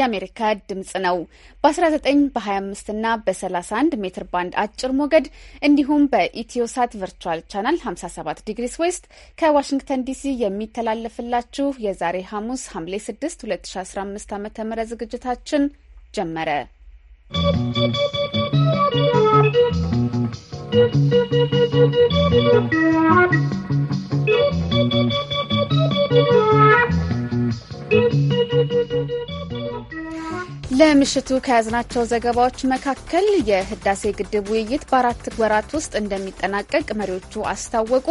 የአሜሪካ ድምጽ ነው። በ19 በ25 እና በ31 ሜትር ባንድ አጭር ሞገድ እንዲሁም በኢትዮሳት ቨርቹዋል ቻናል 57 ዲግሪስ ዌስት ከዋሽንግተን ዲሲ የሚተላለፍላችሁ የዛሬ ሐሙስ ሐምሌ 6 2015 ዓ ም ዝግጅታችን ጀመረ። Thank you. ለምሽቱ ከያዝናቸው ዘገባዎች መካከል የህዳሴ ግድብ ውይይት በአራት ወራት ውስጥ እንደሚጠናቀቅ መሪዎቹ አስታወቁ።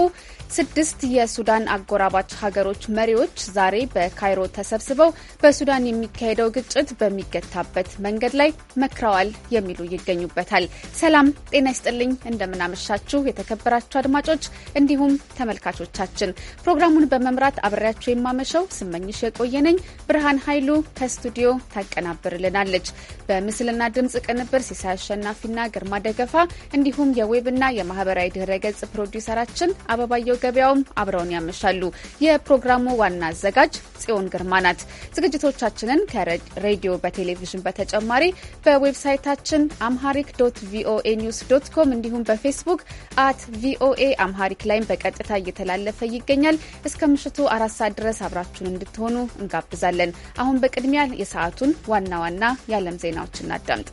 ስድስት የሱዳን አጎራባች ሀገሮች መሪዎች ዛሬ በካይሮ ተሰብስበው በሱዳን የሚካሄደው ግጭት በሚገታበት መንገድ ላይ መክረዋል የሚሉ ይገኙበታል። ሰላም ጤና ይስጥልኝ፣ እንደምናመሻችሁ የተከበራችሁ አድማጮች እንዲሁም ተመልካቾቻችን። ፕሮግራሙን በመምራት አብሬያችሁ የማመሸው ስመኝሽ የቆየነኝ ብርሃን ኃይሉ ከስቱዲዮ ታቀናብርልናል። ታቀርብልናለች። በምስልና ድምፅ ቅንብር ሲሳይ አሸናፊና ግርማ ደገፋ እንዲሁም የዌብና የማህበራዊ ድህረ ገጽ ፕሮዲውሰራችን አበባየው ገበያውም አብረውን ያመሻሉ። የፕሮግራሙ ዋና አዘጋጅ ጽዮን ግርማ ናት። ዝግጅቶቻችንን ከሬዲዮ በቴሌቪዥን በተጨማሪ በዌብሳይታችን አምሃሪክ ዶት ቪኦኤ ኒውስ ዶት ኮም እንዲሁም በፌስቡክ አት ቪኦኤ አምሃሪክ ላይም በቀጥታ እየተላለፈ ይገኛል። እስከ ምሽቱ አራት ሰዓት ድረስ አብራችሁን እንድትሆኑ እንጋብዛለን። አሁን በቅድሚያ የሰዓቱን ዋና ዋና ዋና የዓለም ዜናዎች እናዳምጥ።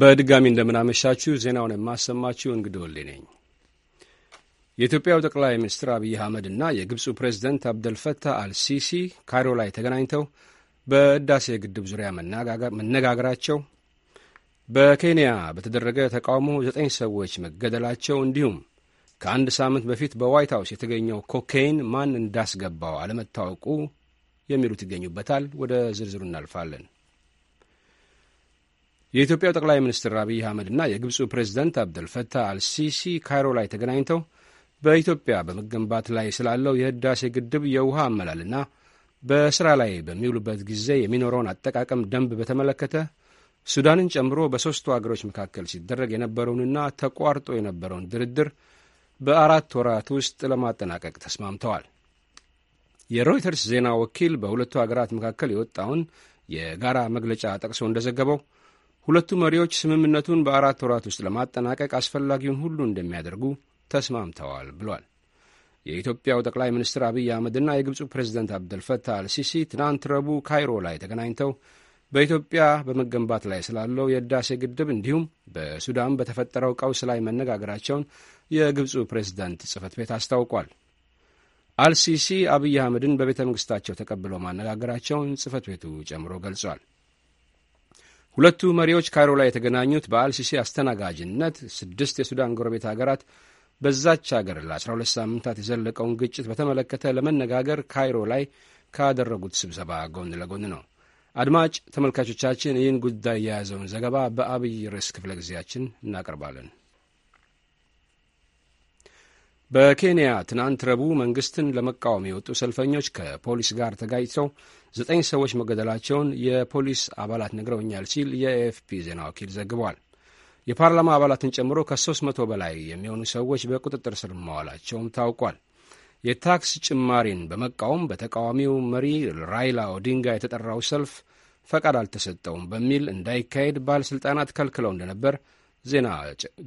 በድጋሚ እንደምናመሻችሁ ዜናውን የማሰማችሁ እንግዲህ ወሌ ነኝ። የኢትዮጵያው ጠቅላይ ሚኒስትር አብይ አህመድ እና የግብፁ ፕሬዚደንት አብደልፈታህ አልሲሲ ካይሮ ላይ ተገናኝተው በህዳሴ ግድብ ዙሪያ መነጋገራቸው፣ በኬንያ በተደረገ ተቃውሞ ዘጠኝ ሰዎች መገደላቸው እንዲሁም ከአንድ ሳምንት በፊት በዋይት ሀውስ የተገኘው ኮካይን ማን እንዳስገባው አለመታወቁ የሚሉት ይገኙበታል። ወደ ዝርዝሩ እናልፋለን። የኢትዮጵያው ጠቅላይ ሚኒስትር አብይ አህመድና የግብፁ ፕሬዚደንት አብደልፈታህ አልሲሲ ካይሮ ላይ ተገናኝተው በኢትዮጵያ በመገንባት ላይ ስላለው የህዳሴ ግድብ የውሃ አመላልና በስራ ላይ በሚውሉበት ጊዜ የሚኖረውን አጠቃቀም ደንብ በተመለከተ ሱዳንን ጨምሮ በሦስቱ አገሮች መካከል ሲደረግ የነበረውንና ተቋርጦ የነበረውን ድርድር በአራት ወራት ውስጥ ለማጠናቀቅ ተስማምተዋል። የሮይተርስ ዜና ወኪል በሁለቱ አገራት መካከል የወጣውን የጋራ መግለጫ ጠቅሶ እንደዘገበው ሁለቱ መሪዎች ስምምነቱን በአራት ወራት ውስጥ ለማጠናቀቅ አስፈላጊውን ሁሉ እንደሚያደርጉ ተስማምተዋል ብሏል። የኢትዮጵያው ጠቅላይ ሚኒስትር አብይ አህመድና የግብፁ ፕሬዚደንት አብደልፈታህ አልሲሲ ትናንት ረቡዕ ካይሮ ላይ ተገናኝተው በኢትዮጵያ በመገንባት ላይ ስላለው የህዳሴ ግድብ እንዲሁም በሱዳን በተፈጠረው ቀውስ ላይ መነጋገራቸውን የግብፁ ፕሬዝዳንት ጽህፈት ቤት አስታውቋል። አልሲሲ አብይ አህመድን በቤተ መንግስታቸው ተቀብለው ማነጋገራቸውን ጽህፈት ቤቱ ጨምሮ ገልጿል። ሁለቱ መሪዎች ካይሮ ላይ የተገናኙት በአልሲሲ አስተናጋጅነት ስድስት የሱዳን ጎረቤት ሀገራት በዛች ሀገር ለ12 ሳምንታት የዘለቀውን ግጭት በተመለከተ ለመነጋገር ካይሮ ላይ ካደረጉት ስብሰባ ጎን ለጎን ነው። አድማጭ ተመልካቾቻችን ይህን ጉዳይ የያዘውን ዘገባ በአብይ ርዕስ ክፍለ ጊዜያችን እናቀርባለን። በኬንያ ትናንት ረቡዕ መንግስትን ለመቃወም የወጡ ሰልፈኞች ከፖሊስ ጋር ተጋጭተው ዘጠኝ ሰዎች መገደላቸውን የፖሊስ አባላት ነግረውኛል ሲል የኤኤፍፒ ዜና ወኪል ዘግቧል። የፓርላማ አባላትን ጨምሮ ከ300 በላይ የሚሆኑ ሰዎች በቁጥጥር ስር መዋላቸውም ታውቋል። የታክስ ጭማሪን በመቃወም በተቃዋሚው መሪ ራይላ ኦዲንጋ የተጠራው ሰልፍ ፈቃድ አልተሰጠውም በሚል እንዳይካሄድ ባለሥልጣናት ከልክለው እንደነበር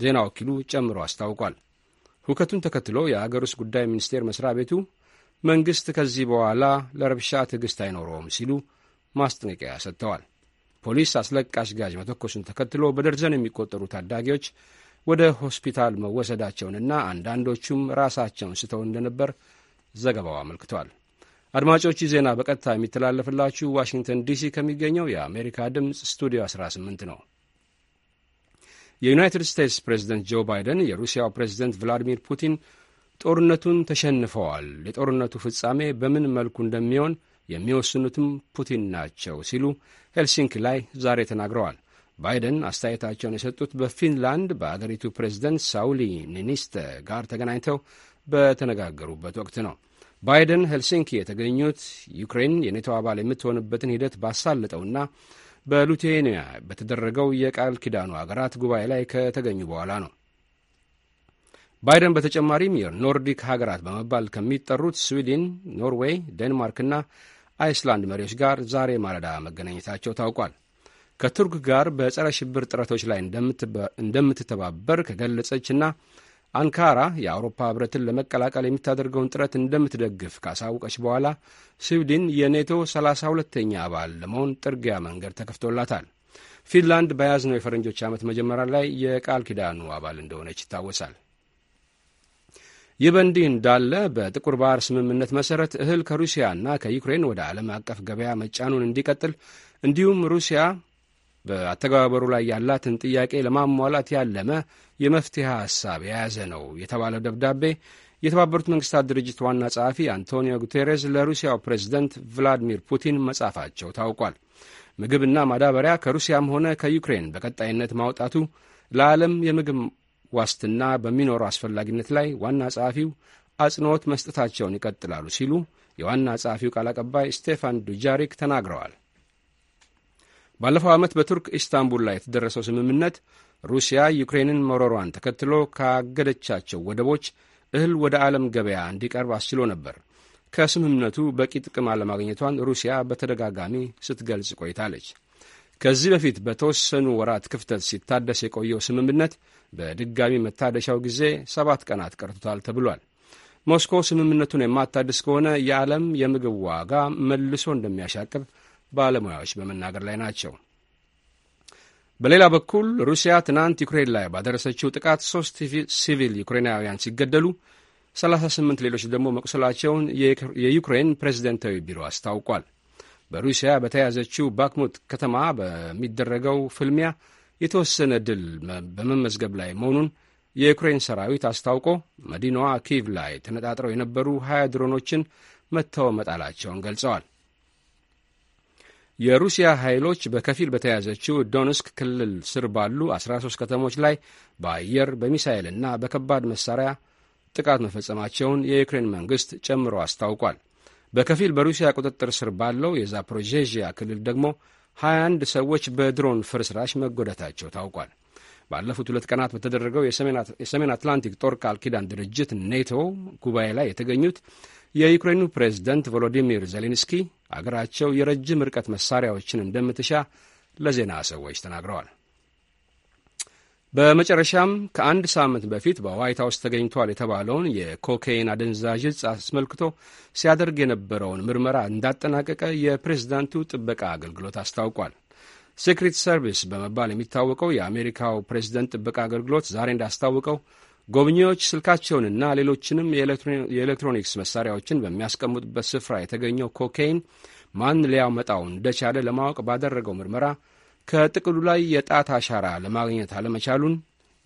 ዜና ወኪሉ ጨምሮ አስታውቋል። ሁከቱን ተከትሎ የአገር ውስጥ ጉዳይ ሚኒስቴር መስሪያ ቤቱ መንግሥት ከዚህ በኋላ ለረብሻ ትዕግሥት አይኖረውም ሲሉ ማስጠንቀቂያ ሰጥተዋል። ፖሊስ አስለቃሽ ጋዥ መተኮሱን ተከትሎ በደርዘን የሚቆጠሩ ታዳጊዎች ወደ ሆስፒታል መወሰዳቸውንና አንዳንዶቹም ራሳቸውን ስተው እንደነበር ዘገባው አመልክቷል። አድማጮች ዜና በቀጥታ የሚተላለፍላችሁ ዋሽንግተን ዲሲ ከሚገኘው የአሜሪካ ድምፅ ስቱዲዮ 18 ነው። የዩናይትድ ስቴትስ ፕሬዝደንት ጆ ባይደን የሩሲያው ፕሬዝደንት ቭላዲሚር ፑቲን ጦርነቱን ተሸንፈዋል፣ የጦርነቱ ፍጻሜ በምን መልኩ እንደሚሆን የሚወስኑትም ፑቲን ናቸው ሲሉ ሄልሲንኪ ላይ ዛሬ ተናግረዋል። ባይደን አስተያየታቸውን የሰጡት በፊንላንድ በአገሪቱ ፕሬዝደንት ሳውሊ ኒኒስተ ጋር ተገናኝተው በተነጋገሩበት ወቅት ነው። ባይደን ሄልሲንኪ የተገኙት ዩክሬን የኔቶ አባል የምትሆንበትን ሂደት ባሳለጠውና በሉቴኒያ በተደረገው የቃል ኪዳኑ አገራት ጉባኤ ላይ ከተገኙ በኋላ ነው። ባይደን በተጨማሪም የኖርዲክ ሀገራት በመባል ከሚጠሩት ስዊድን፣ ኖርዌይ፣ ዴንማርክና አይስላንድ መሪዎች ጋር ዛሬ ማለዳ መገናኘታቸው ታውቋል። ከቱርክ ጋር በጸረ ሽብር ጥረቶች ላይ እንደምትተባበር ከገለጸችና አንካራ የአውሮፓ ህብረትን ለመቀላቀል የምታደርገውን ጥረት እንደምትደግፍ ካሳውቀች በኋላ ስዊድን የኔቶ 32ተኛ አባል ለመሆን ጥርጊያ መንገድ ተከፍቶላታል። ፊንላንድ በያዝነው የፈረንጆች ዓመት መጀመሪያ ላይ የቃል ኪዳኑ አባል እንደሆነች ይታወሳል። ይህ በእንዲህ እንዳለ በጥቁር ባህር ስምምነት መሠረት እህል ከሩሲያና ከዩክሬን ወደ ዓለም አቀፍ ገበያ መጫኑን እንዲቀጥል እንዲሁም ሩሲያ በአተገባበሩ ላይ ያላትን ጥያቄ ለማሟላት ያለመ የመፍትሄ ሐሳብ የያዘ ነው የተባለው ደብዳቤ የተባበሩት መንግስታት ድርጅት ዋና ጸሐፊ አንቶኒዮ ጉቴሬስ ለሩሲያው ፕሬዝደንት ቭላዲሚር ፑቲን መጻፋቸው ታውቋል። ምግብና ማዳበሪያ ከሩሲያም ሆነ ከዩክሬን በቀጣይነት ማውጣቱ ለዓለም የምግብ ዋስትና በሚኖረው አስፈላጊነት ላይ ዋና ጸሐፊው አጽንዖት መስጠታቸውን ይቀጥላሉ ሲሉ የዋና ጸሐፊው ቃል አቀባይ ስቴፋን ዱጃሪክ ተናግረዋል። ባለፈው ዓመት በቱርክ ኢስታንቡል ላይ የተደረሰው ስምምነት ሩሲያ ዩክሬንን መውረሯን ተከትሎ ካገደቻቸው ወደቦች እህል ወደ ዓለም ገበያ እንዲቀርብ አስችሎ ነበር። ከስምምነቱ በቂ ጥቅም አለማግኘቷን ሩሲያ በተደጋጋሚ ስትገልጽ ቆይታለች። ከዚህ በፊት በተወሰኑ ወራት ክፍተት ሲታደስ የቆየው ስምምነት በድጋሚ መታደሻው ጊዜ ሰባት ቀናት ቀርቶታል ተብሏል። ሞስኮ ስምምነቱን የማታድስ ከሆነ የዓለም የምግብ ዋጋ መልሶ እንደሚያሻቅብ ባለሙያዎች በመናገር ላይ ናቸው። በሌላ በኩል ሩሲያ ትናንት ዩክሬን ላይ ባደረሰችው ጥቃት ሶስት ሲቪል ዩክሬናውያን ሲገደሉ 38 ሌሎች ደግሞ መቁሰላቸውን የዩክሬን ፕሬዝደንታዊ ቢሮ አስታውቋል። በሩሲያ በተያዘችው ባክሙት ከተማ በሚደረገው ፍልሚያ የተወሰነ ድል በመመዝገብ ላይ መሆኑን የዩክሬን ሰራዊት አስታውቆ መዲናዋ ኪቭ ላይ ተነጣጥረው የነበሩ 20 ድሮኖችን መጥተው መጣላቸውን ገልጸዋል። የሩሲያ ኃይሎች በከፊል በተያዘችው ዶንስክ ክልል ስር ባሉ 13 ከተሞች ላይ በአየር በሚሳይልና በከባድ መሳሪያ ጥቃት መፈጸማቸውን የዩክሬን መንግሥት ጨምሮ አስታውቋል። በከፊል በሩሲያ ቁጥጥር ስር ባለው የዛፖሮዤዥያ ክልል ደግሞ 21 ሰዎች በድሮን ፍርስራሽ መጎዳታቸው ታውቋል። ባለፉት ሁለት ቀናት በተደረገው የሰሜን አትላንቲክ ጦር ቃል ኪዳን ድርጅት ኔቶ ጉባኤ ላይ የተገኙት የዩክሬኑ ፕሬዝደንት ቮሎዲሚር ዜሌንስኪ አገራቸው የረጅም ርቀት መሳሪያዎችን እንደምትሻ ለዜና ሰዎች ተናግረዋል። በመጨረሻም ከአንድ ሳምንት በፊት በዋይት ሀውስ ተገኝቷል የተባለውን የኮካይን አደንዛዥ ዕፅ አስመልክቶ ሲያደርግ የነበረውን ምርመራ እንዳጠናቀቀ የፕሬዝዳንቱ ጥበቃ አገልግሎት አስታውቋል። ሴክሬት ሰርቪስ በመባል የሚታወቀው የአሜሪካው ፕሬዝደንት ጥበቃ አገልግሎት ዛሬ እንዳስታወቀው ጎብኚዎች ስልካቸውንና ሌሎችንም የኤሌክትሮኒክስ መሳሪያዎችን በሚያስቀምጡበት ስፍራ የተገኘው ኮካይን ማን ሊያመጣው እንደቻለ ለማወቅ ባደረገው ምርመራ ከጥቅሉ ላይ የጣት አሻራ ለማግኘት አለመቻሉን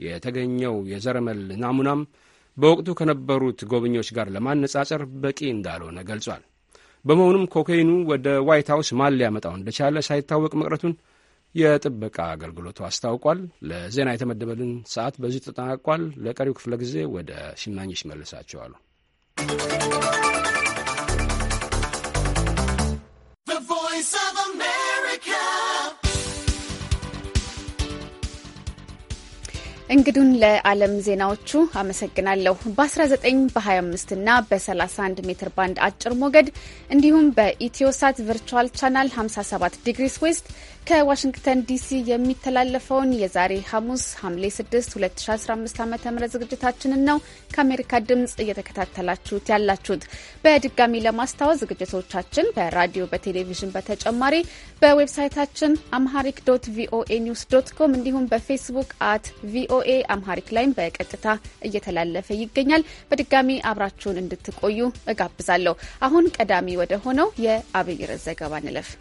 የተገኘው የዘረመል ናሙናም በወቅቱ ከነበሩት ጎብኚዎች ጋር ለማነጻጸር በቂ እንዳልሆነ ገልጿል። በመሆኑም ኮካይኑ ወደ ዋይት ሀውስ ማን ሊያመጣው እንደቻለ ሳይታወቅ መቅረቱን የጥበቃ አገልግሎቱ አስታውቋል። ለዜና የተመደበልን ሰዓት በዚህ ተጠናቋል። ለቀሪው ክፍለ ጊዜ ወደ ሽናኝሽ መልሳቸዋሉ። እንግዱን ለዓለም ዜናዎቹ አመሰግናለሁ። በ19 በ25 እና በ31 ሜትር ባንድ አጭር ሞገድ እንዲሁም በኢትዮሳት ቨርቹዋል ቻናል 57 ዲግሪስ ዌስት ከዋሽንግተን ዲሲ የሚተላለፈውን የዛሬ ሐሙስ ሐምሌ 6 2015 ዓ ም ዝግጅታችንን ነው ከአሜሪካ ድምፅ እየተከታተላችሁት ያላችሁት። በድጋሚ ለማስታወስ ዝግጅቶቻችን በራዲዮ በቴሌቪዥን በተጨማሪ በዌብሳይታችን አምሃሪክ ዶት ቪኦኤ ኒውስ ዶት ኮም እንዲሁም በፌስቡክ አት ቪኦ ቪኦኤ አምሃሪክ ላይም በቀጥታ እየተላለፈ ይገኛል። በድጋሚ አብራችሁን እንድትቆዩ እጋብዛለሁ። አሁን ቀዳሚ ወደ ሆነው የአብይር ዘገባ እንለፍ።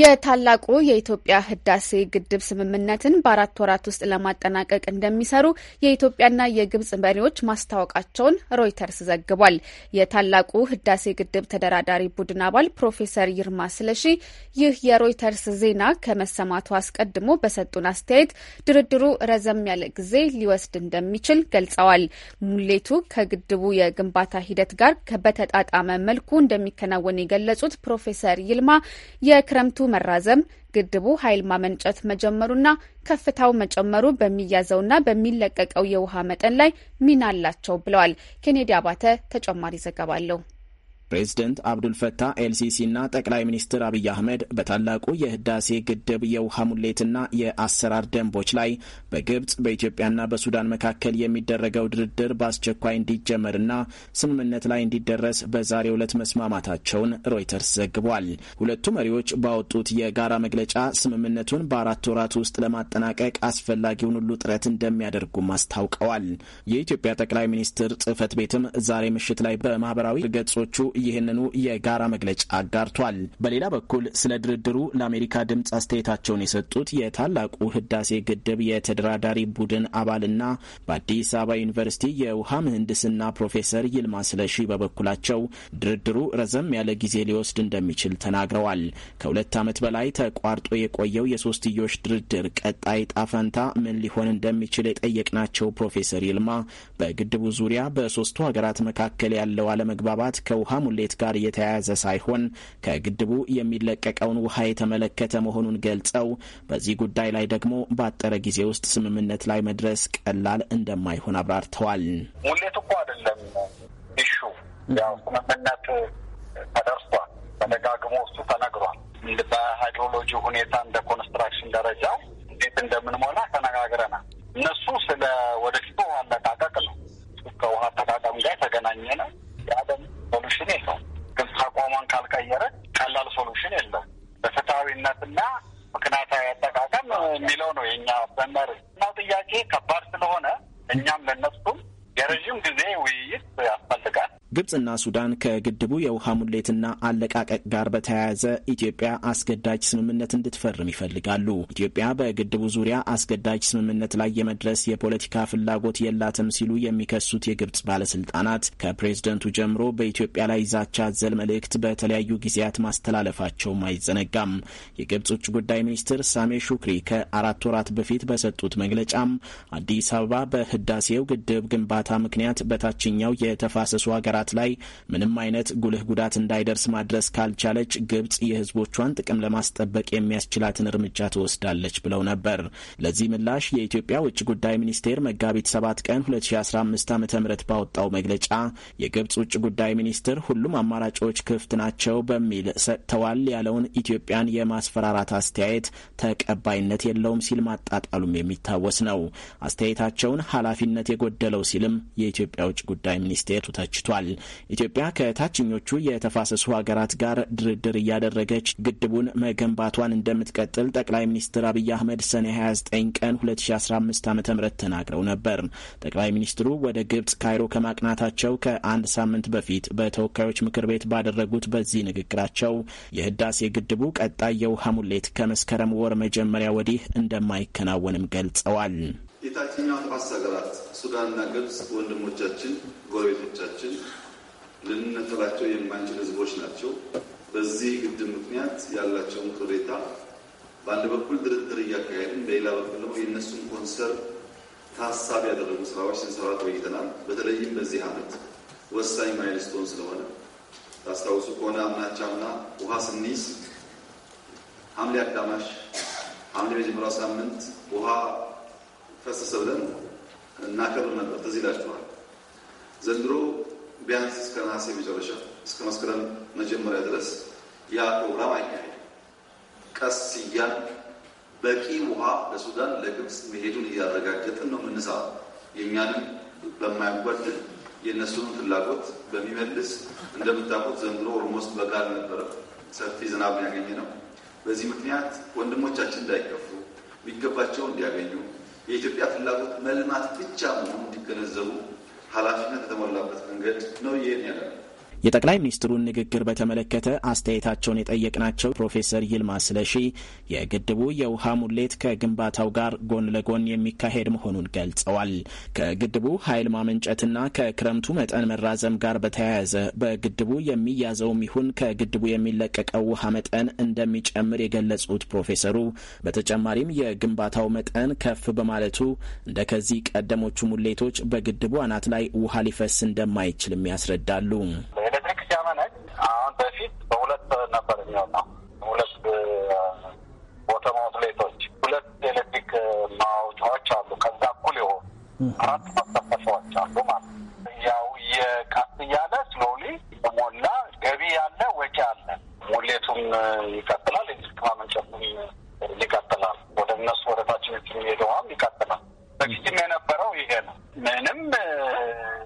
የታላቁ የኢትዮጵያ ህዳሴ ግድብ ስምምነትን በአራት ወራት ውስጥ ለማጠናቀቅ እንደሚሰሩ የኢትዮጵያና የግብጽ መሪዎች ማስታወቃቸውን ሮይተርስ ዘግቧል። የታላቁ ህዳሴ ግድብ ተደራዳሪ ቡድን አባል ፕሮፌሰር ይርማ ስለሺ ይህ የሮይተርስ ዜና ከመሰማቱ አስቀድሞ በሰጡን አስተያየት ድርድሩ ረዘም ያለ ጊዜ ሊወስድ እንደሚችል ገልጸዋል። ሙሌቱ ከግድቡ የግንባታ ሂደት ጋር በተጣጣመ መልኩ እንደሚከናወን የገለጹት ፕሮፌሰር ይልማ የክረምቱ መራዘም ግድቡ ኃይል ማመንጨት መጀመሩና ከፍታው መጨመሩ በሚያዘውና በሚለቀቀው የውሃ መጠን ላይ ሚና አላቸው ብለዋል። ኬኔዲ አባተ ተጨማሪ ዘገባ አለው። ፕሬዝደንት አብዱልፈታህ ኤልሲሲና ጠቅላይ ሚኒስትር አብይ አህመድ በታላቁ የህዳሴ ግድብ የውሃ ሙሌትና የአሰራር ደንቦች ላይ በግብጽ በኢትዮጵያና በሱዳን መካከል የሚደረገው ድርድር በአስቸኳይ እንዲጀመርና ስምምነት ላይ እንዲደረስ በዛሬ ዕለት መስማማታቸውን ሮይተርስ ዘግቧል። ሁለቱ መሪዎች ባወጡት የጋራ መግለጫ ስምምነቱን በአራት ወራት ውስጥ ለማጠናቀቅ አስፈላጊውን ሁሉ ጥረት እንደሚያደርጉም አስታውቀዋል። የኢትዮጵያ ጠቅላይ ሚኒስትር ጽህፈት ቤትም ዛሬ ምሽት ላይ በማህበራዊ ገጾቹ ይህንኑ የጋራ መግለጫ አጋርቷል። በሌላ በኩል ስለ ድርድሩ ለአሜሪካ ድምፅ አስተያየታቸውን የሰጡት የታላቁ ህዳሴ ግድብ የተደራዳሪ ቡድን አባልና በአዲስ አበባ ዩኒቨርሲቲ የውሃ ምህንድስና ፕሮፌሰር ይልማ ስለሺ በበኩላቸው ድርድሩ ረዘም ያለ ጊዜ ሊወስድ እንደሚችል ተናግረዋል። ከሁለት ዓመት በላይ ተቋርጦ የቆየው የሶስትዮሽ ድርድር ቀጣይ ጣፈንታ ምን ሊሆን እንደሚችል የጠየቅናቸው ፕሮፌሰር ይልማ በግድቡ ዙሪያ በሶስቱ ሀገራት መካከል ያለው አለመግባባት ከውሃ ሙሌት ጋር የተያያዘ ሳይሆን ከግድቡ የሚለቀቀውን ውሃ የተመለከተ መሆኑን ገልጸው በዚህ ጉዳይ ላይ ደግሞ ባጠረ ጊዜ ውስጥ ስምምነት ላይ መድረስ ቀላል እንደማይሆን አብራርተዋል። ሙሌት እኮ አይደለም ኢሹ ያው ስምምነት ተደርሷል። ተደጋግሞ እሱ ተነግሯል። በሃይድሮሎጂ ሁኔታ እንደ ኮንስትራክሽን ደረጃ እንዴት እንደምንሞላ ተነጋግረናል። እነሱ ስለ ወደፊቱ ውሃ አለቃቀቅ ነው ከውሃ አጠቃቀም ጋር የተገናኘ ነው። ያ ደግሞ ሶሉሽን የለው ግብጽ አቋሟን ካልቀየረ ቀላል ሶሉሽን የለም። በፍትሐዊነትና ምክንያታዊ አጠቃቀም የሚለው ነው የኛ መመር እና ጥያቄ ከባድ ስለሆነ እኛም ለነሱም የረዥም ጊዜ ውይይት ያስፈልጋል። ግብጽና ሱዳን ከግድቡ የውሃ ሙሌትና አለቃቀቅ ጋር በተያያዘ ኢትዮጵያ አስገዳጅ ስምምነት እንድትፈርም ይፈልጋሉ። ኢትዮጵያ በግድቡ ዙሪያ አስገዳጅ ስምምነት ላይ የመድረስ የፖለቲካ ፍላጎት የላትም ሲሉ የሚከሱት የግብጽ ባለስልጣናት ከፕሬዝደንቱ ጀምሮ በኢትዮጵያ ላይ ዛቻ አዘል መልእክት በተለያዩ ጊዜያት ማስተላለፋቸውም አይዘነጋም። የግብጽ ውጭ ጉዳይ ሚኒስትር ሳሜ ሹክሪ ከአራት ወራት በፊት በሰጡት መግለጫም አዲስ አበባ በህዳሴው ግድብ ግንባታ ምክንያት በታችኛው የተፋሰሱ ሀገራት ሀገራት ላይ ምንም አይነት ጉልህ ጉዳት እንዳይደርስ ማድረስ ካልቻለች ግብጽ የህዝቦቿን ጥቅም ለማስጠበቅ የሚያስችላትን እርምጃ ትወስዳለች ብለው ነበር። ለዚህ ምላሽ የኢትዮጵያ ውጭ ጉዳይ ሚኒስቴር መጋቢት 7 ቀን 2015 ዓ ም ባወጣው መግለጫ የግብጽ ውጭ ጉዳይ ሚኒስትር ሁሉም አማራጮች ክፍት ናቸው በሚል ሰጥተዋል ያለውን ኢትዮጵያን የማስፈራራት አስተያየት ተቀባይነት የለውም ሲል ማጣጣሉም የሚታወስ ነው። አስተያየታቸውን ኃላፊነት የጎደለው ሲልም የኢትዮጵያ ውጭ ጉዳይ ሚኒስቴር ተችቷል። ገልጸዋል። ኢትዮጵያ ከታችኞቹ የተፋሰሱ ሀገራት ጋር ድርድር እያደረገች ግድቡን መገንባቷን እንደምትቀጥል ጠቅላይ ሚኒስትር አብይ አህመድ ሰኔ 29 ቀን 2015 ዓ ም ተናግረው ነበር። ጠቅላይ ሚኒስትሩ ወደ ግብጽ ካይሮ ከማቅናታቸው ከአንድ ሳምንት በፊት በተወካዮች ምክር ቤት ባደረጉት በዚህ ንግግራቸው የህዳሴ ግድቡ ቀጣይ የውሃ ሙሌት ከመስከረም ወር መጀመሪያ ወዲህ እንደማይከናወንም ገልጸዋል። የታችኛው ተፋሰስ ሀገራት ሱዳንና ግብጽ ወንድሞቻችን፣ ጎረቤቶቻችን ልንነከላቸው የማንችል ህዝቦች ናቸው። በዚህ ግድብ ምክንያት ያላቸውን ቅሬታ በአንድ በኩል ድርድር እያካሄድን፣ በሌላ በኩል ደግሞ የእነሱን ኮንሰር ታሳቢ ያደረጉ ስራዎች ስንሰራ ቆይተናል። በተለይም በዚህ ዓመት ወሳኝ ማይልስቶን ስለሆነ ታስታውሱ ከሆነ አምናቻምና ውሃ ስንይዝ ሐምሌ አጋማሽ ሐምሌ መጀመሪያው ሳምንት ውሃ ፈሰሰ ብለን እናከብር ነበር። ትዝ ይላችኋል። ዘንድሮ ቢያንስ እስከ ነሐሴ መጨረሻ እስከ መስከረም መጀመሪያ ድረስ ያ ፕሮግራም አይካሄድ። ቀስ እያል በቂ ውሃ ለሱዳን ለግብፅ መሄዱን እያረጋገጥን ነው ምንሳ የእኛንም በማያጓድል የእነሱን ፍላጎት በሚመልስ እንደምታውቁት ዘንድሮ ኦልሞስት በጋ ነበረ ሰፊ ዝናብ ያገኘ ነው። በዚህ ምክንያት ወንድሞቻችን እንዳይከፉ የሚገባቸው እንዲያገኙ የኢትዮጵያ ፍላጎት መልማት ብቻ መሆኑ እንዲገነዘቡ ኃላፊነት የተሞላበት መንገድ ነው ይህን ያለ የጠቅላይ ሚኒስትሩን ንግግር በተመለከተ አስተያየታቸውን የጠየቅናቸው ፕሮፌሰር ይልማ ስለሺ የግድቡ የውሃ ሙሌት ከግንባታው ጋር ጎን ለጎን የሚካሄድ መሆኑን ገልጸዋል። ከግድቡ ኃይል ማመንጨትና ከክረምቱ መጠን መራዘም ጋር በተያያዘ በግድቡ የሚያዘውም ይሁን ከግድቡ የሚለቀቀው ውሃ መጠን እንደሚጨምር የገለጹት ፕሮፌሰሩ በተጨማሪም የግንባታው መጠን ከፍ በማለቱ እንደ ከዚህ ቀደሞቹ ሙሌቶች በግድቡ አናት ላይ ውሃ ሊፈስ እንደማይችልም ያስረዳሉ። ነበር የሚወጣው። ሁለት ቦተም አውትሌቶች፣ ሁለት ኤሌክትሪክ ማውጫዎች አሉ። ከዛ እኩል የሆኑ አራት አሉ ማለት ያው የቀስ እያለ ስሎሊ ሞላ። ገቢ ያለ ወጪ አለ። ሙሌቱም ይቀጥላል። ኤሌክትሪክ ማመንጨቱም ይቀጥላል። ወደ እነሱ ወደ የሚሄደውም ይቀጥላል። በፊትም የነበረው ይሄ ነው። ምንም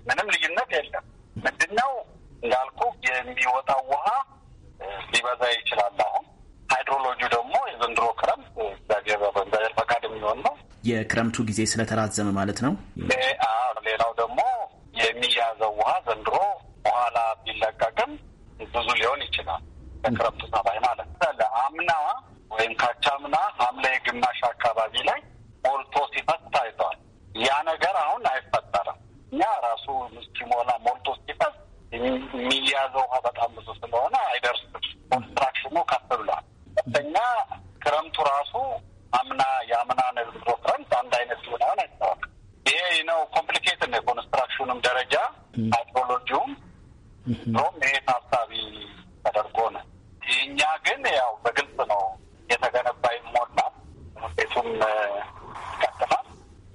ምንም ልዩነት የለም። ምንድነው እንዳልኩ የሚወጣው ውሃ ሊበዛ ይችላል። አሁን ሃይድሮሎጂ ደግሞ የዘንድሮ ክረምት እግዚአብሔር ፈቃድ የሚሆን ነው። የክረምቱ ጊዜ ስለተራዘመ ማለት ነው። ሌላው ደግሞ የሚያዘው ውሃ ዘንድሮ በኋላ ቢለቀቅም ብዙ ሊሆን ይችላል። ከክረምቱ ሰባይ ማለት ነው። አምና ወይም ካቻምና ሐምሌ ግማሽ አካባቢ ላይ ሞልቶ ሲፈስ ታይቷል። ያ ነገር አሁን አይፈጠርም። እኛ ራሱ ሲሞላ ሞልቶ ሲፈስ የሚያዘው ውሃ በጣም ብዙ ስለሆነ አይደርስም። ኮንስትራክሽኑ ከፍ ብሏል። እኛ ክረምቱ ራሱ አምና የአምና ነግሮ ክረምት አንድ አይነት ሊሆናን አይታወቅ። ይሄ ነው ኮምፕሊኬት ነው የኮንስትራክሽኑም ደረጃ ሃይድሮሎጂውም ሮም ይሄ ታሳቢ ተደርጎ ነው። የእኛ ግን ያው በግልጽ ነው የተገነባ ይሞላል፣ ቤቱም ይቀጥላል፣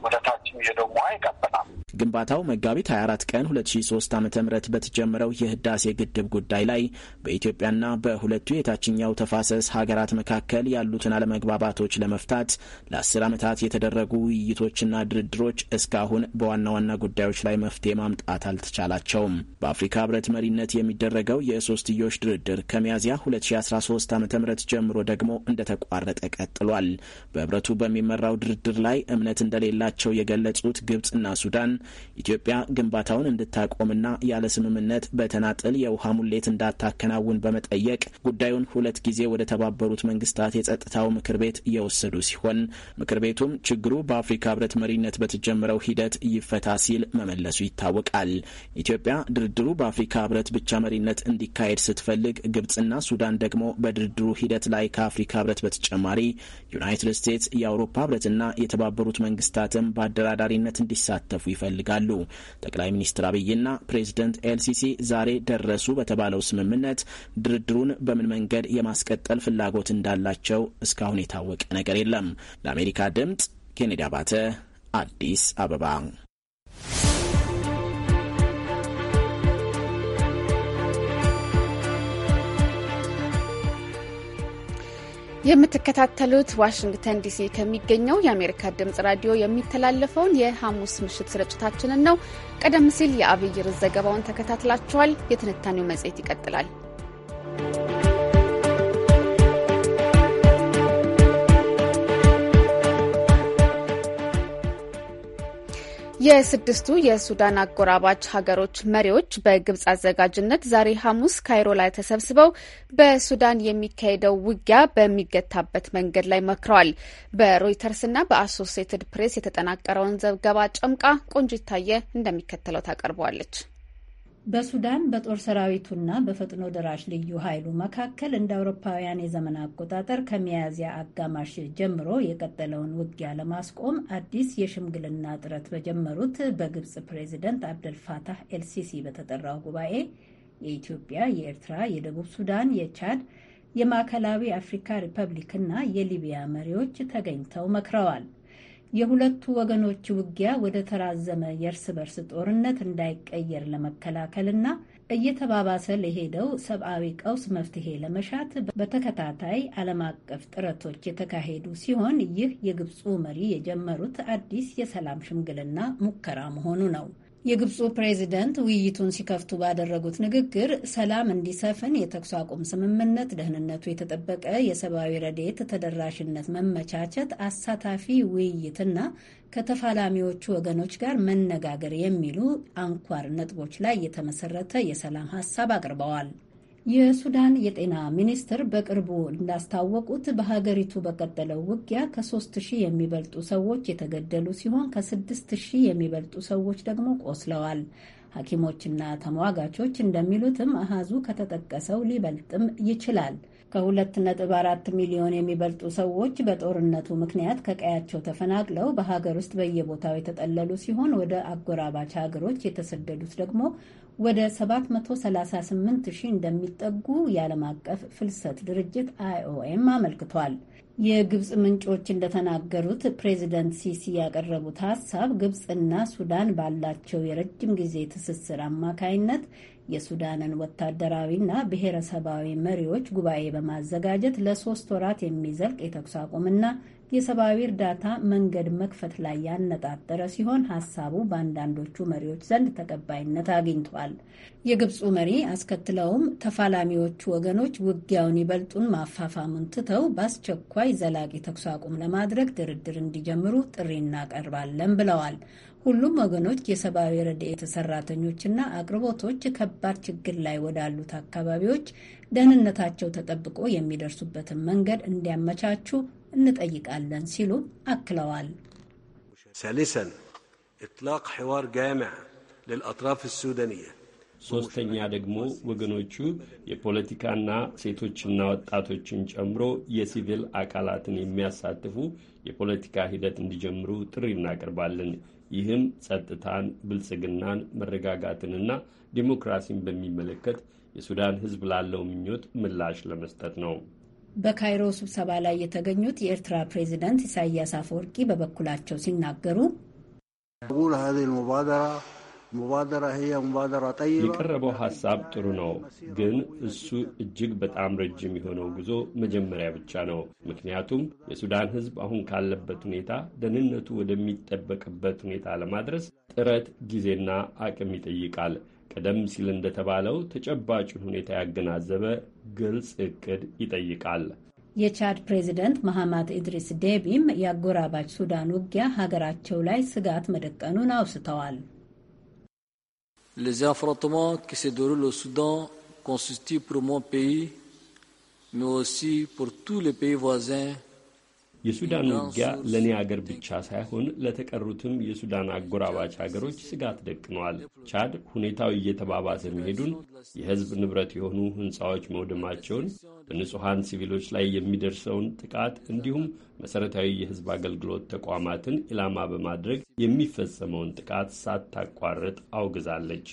ወደ ታችም ሄደው ሙሀ ይቀጥላል። ግንባታው መጋቢት 24 ቀን 2003 ዓ ም በተጀመረው የህዳሴ ግድብ ጉዳይ ላይ በኢትዮጵያና በሁለቱ የታችኛው ተፋሰስ ሀገራት መካከል ያሉትን አለመግባባቶች ለመፍታት ለአስ ዓመታት የተደረጉ ውይይቶችና ድርድሮች እስካሁን በዋና ዋና ጉዳዮች ላይ መፍትሄ ማምጣት አልተቻላቸውም። በአፍሪካ ህብረት መሪነት የሚደረገው የሶስትዮሽ ድርድር ከሚያዝያ 2013 ዓ ም ጀምሮ ደግሞ እንደተቋረጠ ቀጥሏል። በህብረቱ በሚመራው ድርድር ላይ እምነት እንደሌላቸው የገለጹት ግብፅና ሱዳን ኢትዮጵያ ግንባታውን እንድታቆምና ያለ ስምምነት በተናጥል የውሃ ሙሌት እንዳታከናውን በመጠየቅ ጉዳዩን ሁለት ጊዜ ወደ ተባበሩት መንግስታት የጸጥታው ምክር ቤት የወሰዱ ሲሆን ምክር ቤቱም ችግሩ በአፍሪካ ህብረት መሪነት በተጀመረው ሂደት ይፈታ ሲል መመለሱ ይታወቃል። ኢትዮጵያ ድርድሩ በአፍሪካ ህብረት ብቻ መሪነት እንዲካሄድ ስትፈልግ፣ ግብጽና ሱዳን ደግሞ በድርድሩ ሂደት ላይ ከአፍሪካ ህብረት በተጨማሪ ዩናይትድ ስቴትስ፣ የአውሮፓ ህብረትና የተባበሩት መንግስታትም በአደራዳሪነት እንዲሳተፉ ይፈልጋል። ይፈልጋሉ። ጠቅላይ ሚኒስትር አብይና ፕሬዚደንት ኤልሲሲ ዛሬ ደረሱ በተባለው ስምምነት ድርድሩን በምን መንገድ የማስቀጠል ፍላጎት እንዳላቸው እስካሁን የታወቀ ነገር የለም። ለአሜሪካ ድምጽ ኬኔዲ አባተ አዲስ አበባ የምትከታተሉት ዋሽንግተን ዲሲ ከሚገኘው የአሜሪካ ድምጽ ራዲዮ የሚተላለፈውን የሐሙስ ምሽት ስርጭታችንን ነው። ቀደም ሲል የአብይር ዘገባውን ተከታትላችኋል። የትንታኔው መጽሔት ይቀጥላል። የስድስቱ የሱዳን አጎራባች ሀገሮች መሪዎች በግብጽ አዘጋጅነት ዛሬ ሐሙስ ካይሮ ላይ ተሰብስበው በሱዳን የሚካሄደው ውጊያ በሚገታበት መንገድ ላይ መክረዋል። በሮይተርስና በአሶሴትድ ፕሬስ የተጠናቀረውን ዘገባ ጨምቃ ቆንጂት ታየ እንደሚከተለው ታቀርበዋለች። በሱዳን በጦር ሰራዊቱና በፈጥኖ ደራሽ ልዩ ኃይሉ መካከል እንደ አውሮፓውያን የዘመን አቆጣጠር ከሚያዝያ አጋማሽ ጀምሮ የቀጠለውን ውጊያ ለማስቆም አዲስ የሽምግልና ጥረት በጀመሩት በግብፅ ፕሬዚደንት አብደልፋታህ ኤልሲሲ በተጠራው ጉባኤ የኢትዮጵያ፣ የኤርትራ፣ የደቡብ ሱዳን፣ የቻድ፣ የማዕከላዊ አፍሪካ ሪፐብሊክ የሊቢያ መሪዎች ተገኝተው መክረዋል። የሁለቱ ወገኖች ውጊያ ወደ ተራዘመ የእርስ በርስ ጦርነት እንዳይቀየር ለመከላከልና እየተባባሰ ለሄደው ሰብአዊ ቀውስ መፍትሄ ለመሻት በተከታታይ ዓለም አቀፍ ጥረቶች የተካሄዱ ሲሆን ይህ የግብፁ መሪ የጀመሩት አዲስ የሰላም ሽምግልና ሙከራ መሆኑ ነው። የግብፁ ፕሬዚደንት ውይይቱን ሲከፍቱ ባደረጉት ንግግር ሰላም እንዲሰፍን የተኩስ አቁም ስምምነት፣ ደህንነቱ የተጠበቀ የሰብአዊ ረዴት ተደራሽነት መመቻቸት፣ አሳታፊ ውይይትና ከተፋላሚዎቹ ወገኖች ጋር መነጋገር የሚሉ አንኳር ነጥቦች ላይ የተመሰረተ የሰላም ሀሳብ አቅርበዋል። የሱዳን የጤና ሚኒስትር በቅርቡ እንዳስታወቁት በሀገሪቱ በቀጠለው ውጊያ ከሶስት ሺህ የሚበልጡ ሰዎች የተገደሉ ሲሆን ከስድስት ሺህ የሚበልጡ ሰዎች ደግሞ ቆስለዋል። ሐኪሞችና ተሟጋቾች እንደሚሉትም አሃዙ ከተጠቀሰው ሊበልጥም ይችላል። ከሁለት ከ2.4 ሚሊዮን የሚበልጡ ሰዎች በጦርነቱ ምክንያት ከቀያቸው ተፈናቅለው በሀገር ውስጥ በየቦታው የተጠለሉ ሲሆን ወደ አጎራባች ሀገሮች የተሰደዱት ደግሞ ወደ 738 ሺህ እንደሚጠጉ የዓለም አቀፍ ፍልሰት ድርጅት አይኦኤም አመልክቷል። የግብፅ ምንጮች እንደተናገሩት ፕሬዚደንት ሲሲ ያቀረቡት ሀሳብ ግብፅና ሱዳን ባላቸው የረጅም ጊዜ ትስስር አማካይነት የሱዳንን ወታደራዊና ብሔረሰባዊ መሪዎች ጉባኤ በማዘጋጀት ለሶስት ወራት የሚዘልቅ የተኩስ አቁምና የሰብአዊ እርዳታ መንገድ መክፈት ላይ ያነጣጠረ ሲሆን ሀሳቡ በአንዳንዶቹ መሪዎች ዘንድ ተቀባይነት አግኝቷል። የግብፁ መሪ አስከትለውም ተፋላሚዎቹ ወገኖች ውጊያውን ይበልጡን ማፋፋሙን ትተው በአስቸኳይ ዘላቂ ተኩስ አቁም ለማድረግ ድርድር እንዲጀምሩ ጥሪ እናቀርባለን ብለዋል። ሁሉም ወገኖች የሰብአዊ ረድኤት ሰራተኞችና አቅርቦቶች ከባድ ችግር ላይ ወዳሉት አካባቢዎች ደህንነታቸው ተጠብቆ የሚደርሱበትን መንገድ እንዲያመቻቹ እንጠይቃለን ሲሉ አክለዋል። ሶስተኛ ደግሞ ወገኖቹ የፖለቲካና ሴቶችና ወጣቶችን ጨምሮ የሲቪል አካላትን የሚያሳትፉ የፖለቲካ ሂደት እንዲጀምሩ ጥሪ እናቀርባለን። ይህም ጸጥታን፣ ብልጽግናን፣ መረጋጋትንና ዲሞክራሲን በሚመለከት የሱዳን ሕዝብ ላለው ምኞት ምላሽ ለመስጠት ነው። በካይሮ ስብሰባ ላይ የተገኙት የኤርትራ ፕሬዚደንት ኢሳያስ አፈወርቂ በበኩላቸው ሲናገሩ የቀረበው ሀሳብ ጥሩ ነው፣ ግን እሱ እጅግ በጣም ረጅም የሆነው ጉዞ መጀመሪያ ብቻ ነው። ምክንያቱም የሱዳን ሕዝብ አሁን ካለበት ሁኔታ ደህንነቱ ወደሚጠበቅበት ሁኔታ ለማድረስ ጥረት ጊዜና አቅም ይጠይቃል። ቀደም ሲል እንደተባለው ተጨባጭ ሁኔታ ያገናዘበ ግልጽ እቅድ ይጠይቃል። የቻድ ፕሬዚደንት መሐማድ ኢድሪስ ዴቢም የአጎራባች ሱዳን ውጊያ ሀገራቸው ላይ ስጋት መደቀኑን አውስተዋል። ሌዝ አፍሮንትማንት ኪ ሴ ዶሩ ሱዳን ፔይ ሜ ኦሲ ቱ ሌ ፔይ የሱዳን ውጊያ ለእኔ አገር ብቻ ሳይሆን ለተቀሩትም የሱዳን አጎራባች ሀገሮች ስጋት ደቅነዋል። ቻድ ሁኔታው እየተባባሰ መሄዱን፣ የህዝብ ንብረት የሆኑ ህንፃዎች መውደማቸውን፣ በንጹሐን ሲቪሎች ላይ የሚደርሰውን ጥቃት እንዲሁም መሠረታዊ የህዝብ አገልግሎት ተቋማትን ኢላማ በማድረግ የሚፈጸመውን ጥቃት ሳታቋርጥ አውግዛለች።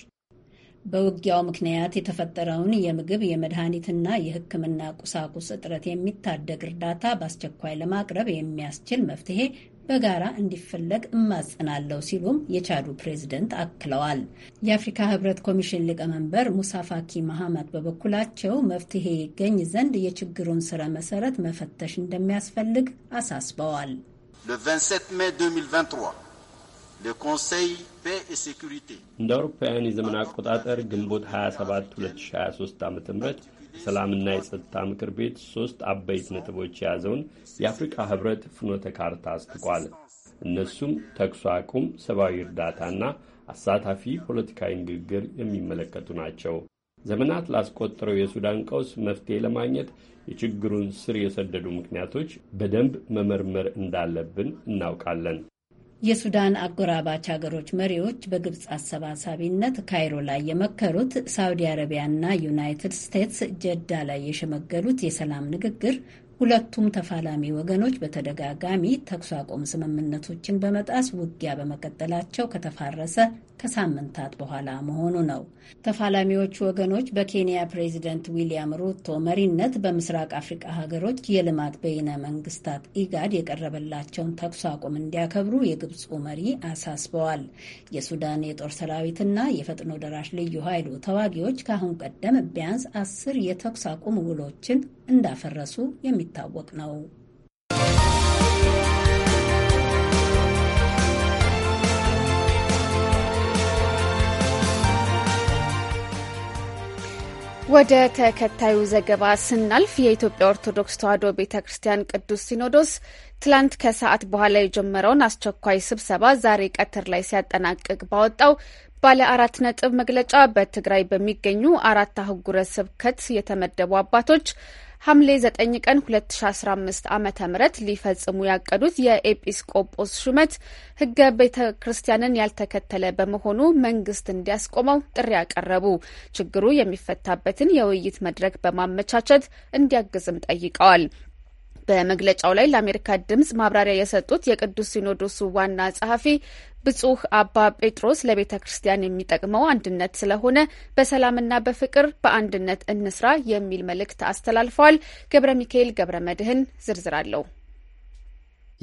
በውጊያው ምክንያት የተፈጠረውን የምግብ የመድኃኒትና የሕክምና ቁሳቁስ እጥረት የሚታደግ እርዳታ በአስቸኳይ ለማቅረብ የሚያስችል መፍትሄ በጋራ እንዲፈለግ እማጸናለሁ ሲሉም የቻዱ ፕሬዝደንት አክለዋል። የአፍሪካ ህብረት ኮሚሽን ሊቀመንበር ሙሳ ፋኪ መሐመድ በበኩላቸው መፍትሄ ይገኝ ዘንድ የችግሩን ስረ መሰረት መፈተሽ እንደሚያስፈልግ አሳስበዋል ለ27 ሜይ 2023 እንደ አውሮፓውያን የዘመን አቆጣጠር ግንቦት 27 2023 ዓ ም የሰላምና የጸጥታ ምክር ቤት ሦስት አበይት ነጥቦች የያዘውን የአፍሪካ ህብረት ፍኖተ ካርታ አስጥቋል። እነሱም ተኩስ አቁም፣ ሰብአዊ እርዳታና አሳታፊ ፖለቲካዊ ንግግር የሚመለከቱ ናቸው። ዘመናት ላስቆጠረው የሱዳን ቀውስ መፍትሄ ለማግኘት የችግሩን ስር የሰደዱ ምክንያቶች በደንብ መመርመር እንዳለብን እናውቃለን። የሱዳን አጎራባች ሀገሮች መሪዎች በግብፅ አሰባሳቢነት ካይሮ ላይ የመከሩት ሳውዲ አረቢያና ዩናይትድ ስቴትስ ጀዳ ላይ የሸመገሉት የሰላም ንግግር ሁለቱም ተፋላሚ ወገኖች በተደጋጋሚ ተኩስ አቁም ስምምነቶችን በመጣስ ውጊያ በመቀጠላቸው ከተፋረሰ ከሳምንታት በኋላ መሆኑ ነው። ተፋላሚዎቹ ወገኖች በኬንያ ፕሬዚደንት ዊሊያም ሩቶ መሪነት በምስራቅ አፍሪካ ሀገሮች የልማት በይነ መንግስታት ኢጋድ የቀረበላቸውን ተኩስ አቁም እንዲያከብሩ የግብፁ መሪ አሳስበዋል። የሱዳን የጦር ሰራዊትና የፈጥኖ ደራሽ ልዩ ኃይሉ ተዋጊዎች ከአሁን ቀደም ቢያንስ አስር የተኩስ አቁም ውሎችን እንዳፈረሱ የሚታወቅ ነው። ወደ ተከታዩ ዘገባ ስናልፍ የኢትዮጵያ ኦርቶዶክስ ተዋሕዶ ቤተ ክርስቲያን ቅዱስ ሲኖዶስ ትላንት ከሰዓት በኋላ የጀመረውን አስቸኳይ ስብሰባ ዛሬ ቀትር ላይ ሲያጠናቅቅ ባወጣው ባለ አራት ነጥብ መግለጫ በትግራይ በሚገኙ አራት አህጉረ ስብከት የተመደቡ አባቶች ሐምሌ 9 ቀን 2015 ዓ ም ሊፈጽሙ ያቀዱት የኤጲስቆጶስ ሹመት ህገ ቤተ ክርስቲያንን ያልተከተለ በመሆኑ መንግስት እንዲያስቆመው ጥሪ ያቀረቡ ችግሩ የሚፈታበትን የውይይት መድረክ በማመቻቸት እንዲያግዝም ጠይቀዋል። በመግለጫው ላይ ለአሜሪካ ድምጽ ማብራሪያ የሰጡት የቅዱስ ሲኖዶሱ ዋና ጸሐፊ ብጹህ አባ ጴጥሮስ ለቤተ ክርስቲያን የሚጠቅመው አንድነት ስለሆነ በሰላምና በፍቅር በአንድነት እንስራ የሚል መልእክት አስተላልፈዋል። ገብረ ሚካኤል ገብረ መድህን ዝርዝር አለው።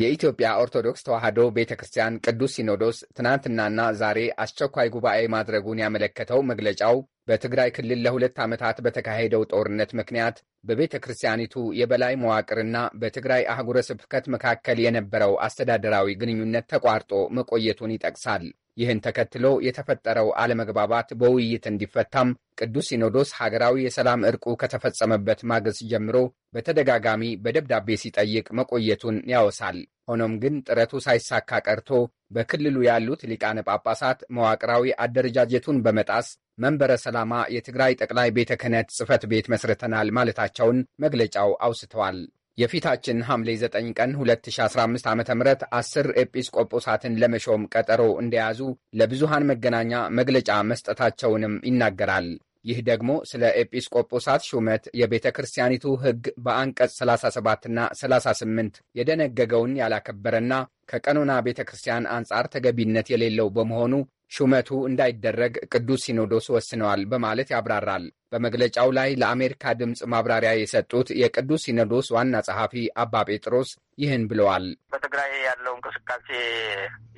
የኢትዮጵያ ኦርቶዶክስ ተዋሕዶ ቤተ ክርስቲያን ቅዱስ ሲኖዶስ ትናንትናና ዛሬ አስቸኳይ ጉባኤ ማድረጉን ያመለከተው መግለጫው በትግራይ ክልል ለሁለት ዓመታት በተካሄደው ጦርነት ምክንያት በቤተ ክርስቲያኒቱ የበላይ መዋቅርና በትግራይ አህጉረ ስብከት መካከል የነበረው አስተዳደራዊ ግንኙነት ተቋርጦ መቆየቱን ይጠቅሳል። ይህን ተከትሎ የተፈጠረው አለመግባባት በውይይት እንዲፈታም ቅዱስ ሲኖዶስ ሀገራዊ የሰላም እርቁ ከተፈጸመበት ማግስት ጀምሮ በተደጋጋሚ በደብዳቤ ሲጠይቅ መቆየቱን ያወሳል። ሆኖም ግን ጥረቱ ሳይሳካ ቀርቶ በክልሉ ያሉት ሊቃነ ጳጳሳት መዋቅራዊ አደረጃጀቱን በመጣስ መንበረ ሰላማ የትግራይ ጠቅላይ ቤተ ክህነት ጽሕፈት ቤት መስርተናል ማለታቸውን መግለጫው አውስተዋል። የፊታችን ሐምሌ 9 ቀን 2015 ዓ ም አስር ኤጲስቆጶሳትን ለመሾም ቀጠሮ እንደያዙ ለብዙሃን መገናኛ መግለጫ መስጠታቸውንም ይናገራል። ይህ ደግሞ ስለ ኤጲስቆጶሳት ሹመት የቤተ ክርስቲያኒቱ ሕግ በአንቀጽ 37ና 38 የደነገገውን ያላከበረና ከቀኖና ቤተ ክርስቲያን አንጻር ተገቢነት የሌለው በመሆኑ ሹመቱ እንዳይደረግ ቅዱስ ሲኖዶስ ወስነዋል በማለት ያብራራል። በመግለጫው ላይ ለአሜሪካ ድምፅ ማብራሪያ የሰጡት የቅዱስ ሲኖዶስ ዋና ጸሐፊ አባ ጴጥሮስ ይህን ብለዋል። በትግራይ ያለው እንቅስቃሴ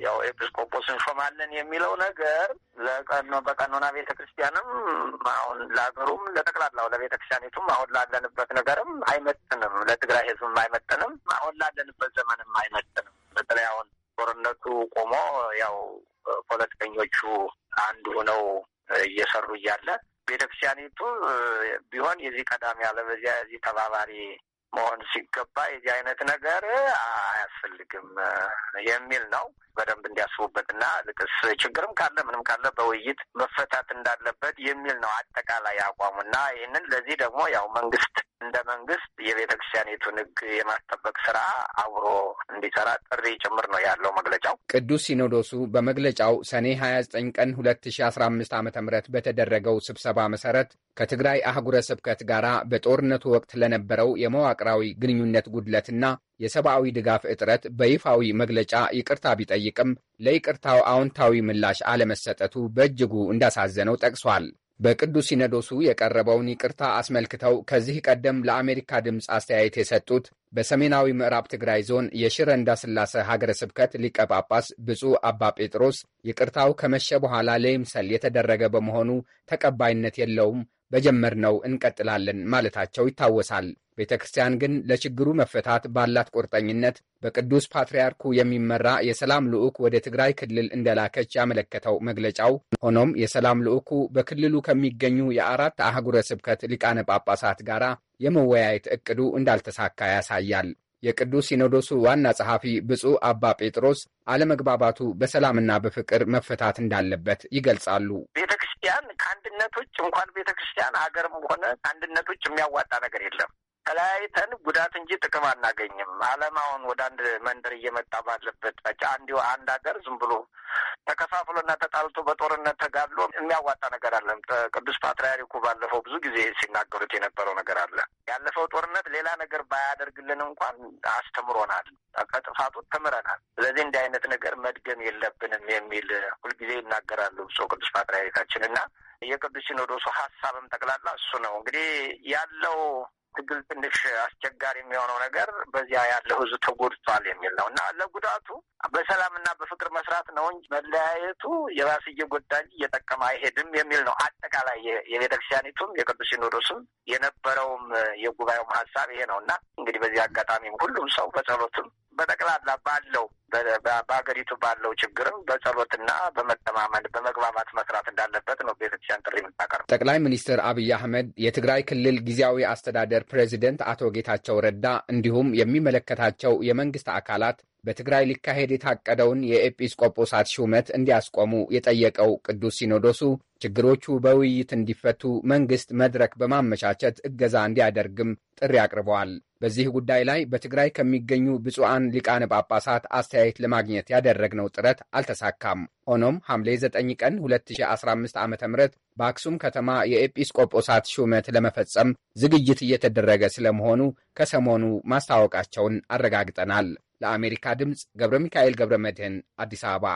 ያው ኤጲስቆጶስ እንሾማለን የሚለው ነገር በቀኖና ቤተ ክርስቲያንም አሁን ለሀገሩም ለጠቅላላው ለቤተ ክርስቲያኒቱም አሁን ላለንበት ነገርም አይመጥንም፣ ለትግራይ ሕዝብም አይመጥንም፣ አሁን ላለንበት ዘመንም አይመጥንም። በተለይ አሁን ጦርነቱ ቆሞ ያው ፖለቲከኞቹ አንድ ሆነው እየሰሩ እያለ ቤተክርስቲያኒቱ ቢሆን የዚህ ቀዳሚ አለበዚያ የዚህ ተባባሪ መሆን ሲገባ የዚህ አይነት ነገር አያስፈልግም የሚል ነው። በደንብ እንዲያስቡበት ልቅስ ችግርም ካለ ምንም ካለ በውይይት መፈታት እንዳለበት የሚል ነው አጠቃላይ አቋሙ እና ይህንን ለዚህ ደግሞ ያው መንግስት እንደ መንግስት የቤተ ክርስቲያኒቱን ሕግ የማስጠበቅ ስራ አብሮ እንዲሰራ ጥሪ ጭምር ነው ያለው መግለጫው። ቅዱስ ሲኖዶሱ በመግለጫው ሰኔ 29 ቀን 2015 ዓ ም በተደረገው ስብሰባ መሰረት ከትግራይ አህጉረ ስብከት ጋር በጦርነቱ ወቅት ለነበረው የመዋቅራዊ ግንኙነት ጉድለትና የሰብአዊ ድጋፍ እጥረት በይፋዊ መግለጫ ይቅርታ ቢጠይቅ ቢጠይቅም ለይቅርታው አዎንታዊ ምላሽ አለመሰጠቱ በእጅጉ እንዳሳዘነው ጠቅሷል። በቅዱስ ሲነዶሱ የቀረበውን ይቅርታ አስመልክተው ከዚህ ቀደም ለአሜሪካ ድምፅ አስተያየት የሰጡት በሰሜናዊ ምዕራብ ትግራይ ዞን የሽረ እንዳስላሴ ሀገረ ስብከት ሊቀ ጳጳስ ብፁዕ አባ ጴጥሮስ ይቅርታው ከመሸ በኋላ ለይምሰል የተደረገ በመሆኑ ተቀባይነት የለውም፣ በጀመርነው እንቀጥላለን ማለታቸው ይታወሳል። ቤተ ክርስቲያን ግን ለችግሩ መፈታት ባላት ቁርጠኝነት በቅዱስ ፓትርያርኩ የሚመራ የሰላም ልዑክ ወደ ትግራይ ክልል እንደላከች ያመለከተው መግለጫው፣ ሆኖም የሰላም ልዑኩ በክልሉ ከሚገኙ የአራት አህጉረ ስብከት ሊቃነ ጳጳሳት ጋር የመወያየት እቅዱ እንዳልተሳካ ያሳያል። የቅዱስ ሲኖዶሱ ዋና ጸሐፊ ብፁዕ አባ ጴጥሮስ አለመግባባቱ በሰላምና በፍቅር መፈታት እንዳለበት ይገልጻሉ። ቤተ ክርስቲያን ከአንድነቶች እንኳን ቤተ ክርስቲያን ሀገርም ሆነ ከአንድነቶች የሚያዋጣ ነገር የለም። ተለያይተን ጉዳት እንጂ ጥቅም አናገኝም። ዓለም አሁን ወደ አንድ መንደር እየመጣ ባለበት አንዲ አንድ ሀገር ዝም ብሎ ተከፋፍሎና ተጣልቶ በጦርነት ተጋድሎ የሚያዋጣ ነገር አለም። ቅዱስ ፓትርያርኩ ባለፈው ብዙ ጊዜ ሲናገሩት የነበረው ነገር አለ። ያለፈው ጦርነት ሌላ ነገር ባያደርግልን እንኳን አስተምሮናል፣ ከጥፋቱ ተምረናል። ስለዚህ እንዲህ አይነት ነገር መድገም የለብንም የሚል ሁልጊዜ ይናገራሉ ብፁዕ ቅዱስ ፓትርያርካችን እና የቅዱስ ሲኖዶሱ ሀሳብም ጠቅላላ እሱ ነው እንግዲህ ያለው ትግል ትንሽ አስቸጋሪ የሚሆነው ነገር በዚያ ያለው ህዝብ ተጎድቷል የሚል ነው እና ለጉዳቱ በሰላምና በፍቅር መስራት ነው እንጂ መለያየቱ የራስ እየጎዳ እንጂ እየጠቀመ አይሄድም የሚል ነው። አጠቃላይ የቤተክርስቲያኒቱም የቅዱስ ሲኖዶስም የነበረውም የጉባኤውም ሀሳብ ይሄ ነው እና እንግዲህ በዚህ አጋጣሚም ሁሉም ሰው በጸሎትም በጠቅላላ ባለው በሀገሪቱ ባለው ችግርም በጸሎትና በመተማመን በመግባባት መስራት እንዳለበት ነው ቤተክርስቲያን ጥሪ የምታቀርበው። ጠቅላይ ሚኒስትር አብይ አህመድ፣ የትግራይ ክልል ጊዜያዊ አስተዳደር ፕሬዚደንት አቶ ጌታቸው ረዳ እንዲሁም የሚመለከታቸው የመንግስት አካላት በትግራይ ሊካሄድ የታቀደውን የኤጲስቆጶሳት ሹመት እንዲያስቆሙ የጠየቀው ቅዱስ ሲኖዶሱ ችግሮቹ በውይይት እንዲፈቱ መንግስት መድረክ በማመቻቸት እገዛ እንዲያደርግም ጥሪ አቅርበዋል። በዚህ ጉዳይ ላይ በትግራይ ከሚገኙ ብፁዓን ሊቃነ ጳጳሳት አስተያየት ለማግኘት ያደረግነው ጥረት አልተሳካም። ሆኖም ሐምሌ 9 ቀን 2015 ዓ ም በአክሱም ከተማ የኤጲስቆጶሳት ሹመት ለመፈጸም ዝግጅት እየተደረገ ስለመሆኑ ከሰሞኑ ማስታወቃቸውን አረጋግጠናል። ለአሜሪካ ድምፅ ገብረ ሚካኤል ገብረ መድህን አዲስ አበባ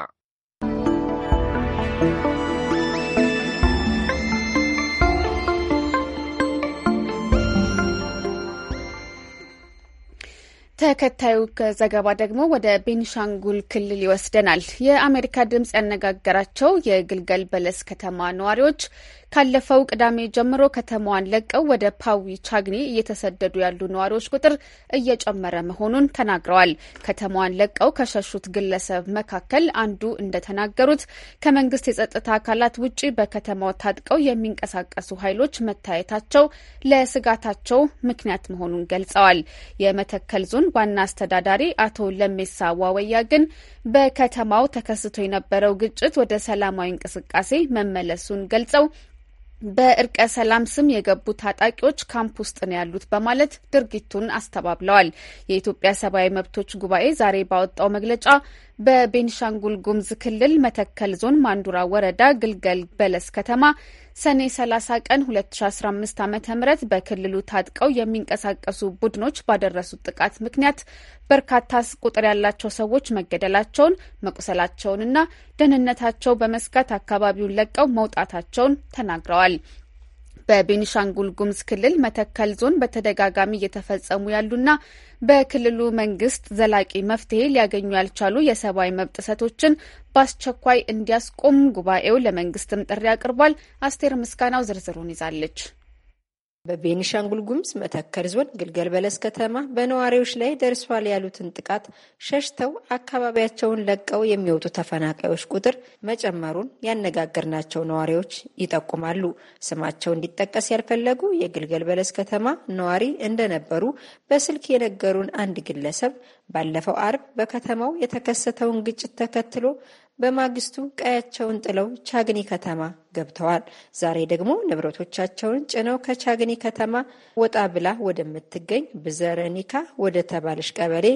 ተከታዩ ዘገባ ደግሞ ወደ ቤንሻንጉል ክልል ይወስደናል። የአሜሪካ ድምፅ ያነጋገራቸው የግልገል በለስ ከተማ ነዋሪዎች ካለፈው ቅዳሜ ጀምሮ ከተማዋን ለቀው ወደ ፓዊ ቻግኒ እየተሰደዱ ያሉ ነዋሪዎች ቁጥር እየጨመረ መሆኑን ተናግረዋል። ከተማዋን ለቀው ከሸሹት ግለሰብ መካከል አንዱ እንደተናገሩት ከመንግስት የጸጥታ አካላት ውጪ በከተማው ታጥቀው የሚንቀሳቀሱ ኃይሎች መታየታቸው ለስጋታቸው ምክንያት መሆኑን ገልጸዋል። የመተከል ዞን ዋና አስተዳዳሪ አቶ ለሜሳ ዋወያ ግን በከተማው ተከስቶ የነበረው ግጭት ወደ ሰላማዊ እንቅስቃሴ መመለሱን ገልጸው በእርቀ ሰላም ስም የገቡ ታጣቂዎች ካምፕ ውስጥ ነው ያሉት በማለት ድርጊቱን አስተባብለዋል። የኢትዮጵያ ሰብአዊ መብቶች ጉባኤ ዛሬ ባወጣው መግለጫ በቤንሻንጉል ጉምዝ ክልል መተከል ዞን ማንዱራ ወረዳ ግልገል በለስ ከተማ ሰኔ 30 ቀን 2015 ዓ ም በክልሉ ታጥቀው የሚንቀሳቀሱ ቡድኖች ባደረሱት ጥቃት ምክንያት በርካታ ቁጥር ያላቸው ሰዎች መገደላቸውን መቁሰላቸውንና ደህንነታቸው በመስጋት አካባቢውን ለቀው መውጣታቸውን ተናግረዋል። በቤኒሻንጉል ጉምዝ ክልል መተከል ዞን በተደጋጋሚ እየተፈጸሙ ያሉና በክልሉ መንግስት ዘላቂ መፍትሄ ሊያገኙ ያልቻሉ የሰብአዊ መብት ጥሰቶችን በአስቸኳይ እንዲያስቆም ጉባኤው ለመንግስትም ጥሪ አቅርቧል። አስቴር ምስጋናው ዝርዝሩን ይዛለች። በቤኒሻንጉል ጉምዝ መተከል ዞን ግልገል በለስ ከተማ በነዋሪዎች ላይ ደርሷል ያሉትን ጥቃት ሸሽተው አካባቢያቸውን ለቀው የሚወጡ ተፈናቃዮች ቁጥር መጨመሩን ያነጋገርናቸው ነዋሪዎች ይጠቁማሉ። ስማቸው እንዲጠቀስ ያልፈለጉ የግልገል በለስ ከተማ ነዋሪ እንደነበሩ በስልክ የነገሩን አንድ ግለሰብ ባለፈው አርብ በከተማው የተከሰተውን ግጭት ተከትሎ በማግስቱ ቀያቸውን ጥለው ቻግኒ ከተማ ገብተዋል። ዛሬ ደግሞ ንብረቶቻቸውን ጭነው ከቻግኒ ከተማ ወጣ ብላ ወደምትገኝ ብዘረኒካ ወደ ተባለሽ ቀበሌ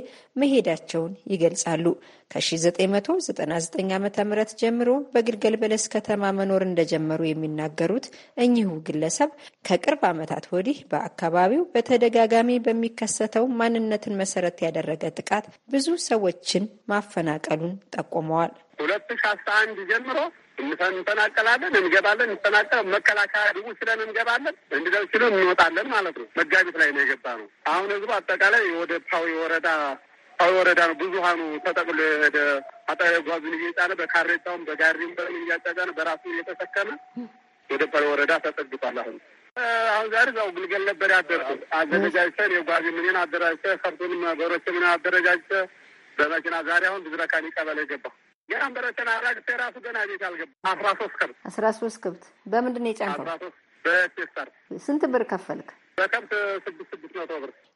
መሄዳቸውን ይገልጻሉ። ከ1999 ዓ ም ጀምሮ በግልገል በለስ ከተማ መኖር እንደጀመሩ የሚናገሩት እኚሁ ግለሰብ ከቅርብ ዓመታት ወዲህ በአካባቢው በተደጋጋሚ በሚከሰተው ማንነትን መሰረት ያደረገ ጥቃት ብዙ ሰዎችን ማፈናቀሉን ጠቁመዋል። ሁለት ሺ አስራ አንድ ጀምሮ እንፈናቀላለን፣ እንገባለን፣ እንፈናቀል መከላከያ ድቡ ስለን እንገባለን፣ እንድደው ሲሉ እንወጣለን ማለት ነው። መጋቢት ላይ ነው የገባ ነው። አሁን ህዝቡ አጠቃላይ ወደ ፓዊ ወረዳ ወረዳ ነው ብዙሀኑ ተጠቅሎ የሄደ አጠ ጓዙን እየጫነ በካሬታውን በጋሪም በምን እያጫጫነ በራሱ እየተሰከመ ወደ ፓሪ ወረዳ ተጠግቷል። አሁን አሁን ዛሬ ዛው ግልገል ነበር ያደርጉ አዘነጃጅተን የጓዙ ምንን አደራጅተ ከብቱን በሮች ምንን አደረጃጅተ በመኪና ዛሬ አሁን ብዝረካኒ ቀበሌ ገባ። ገና በረተና አራግተ ራሱ ገና ቤት አልገባ። አስራ ሶስት ከብት አስራ ሶስት ከብት በምንድን ነው የጫንከው? በቴስታር ስንት ብር ከፈልክ?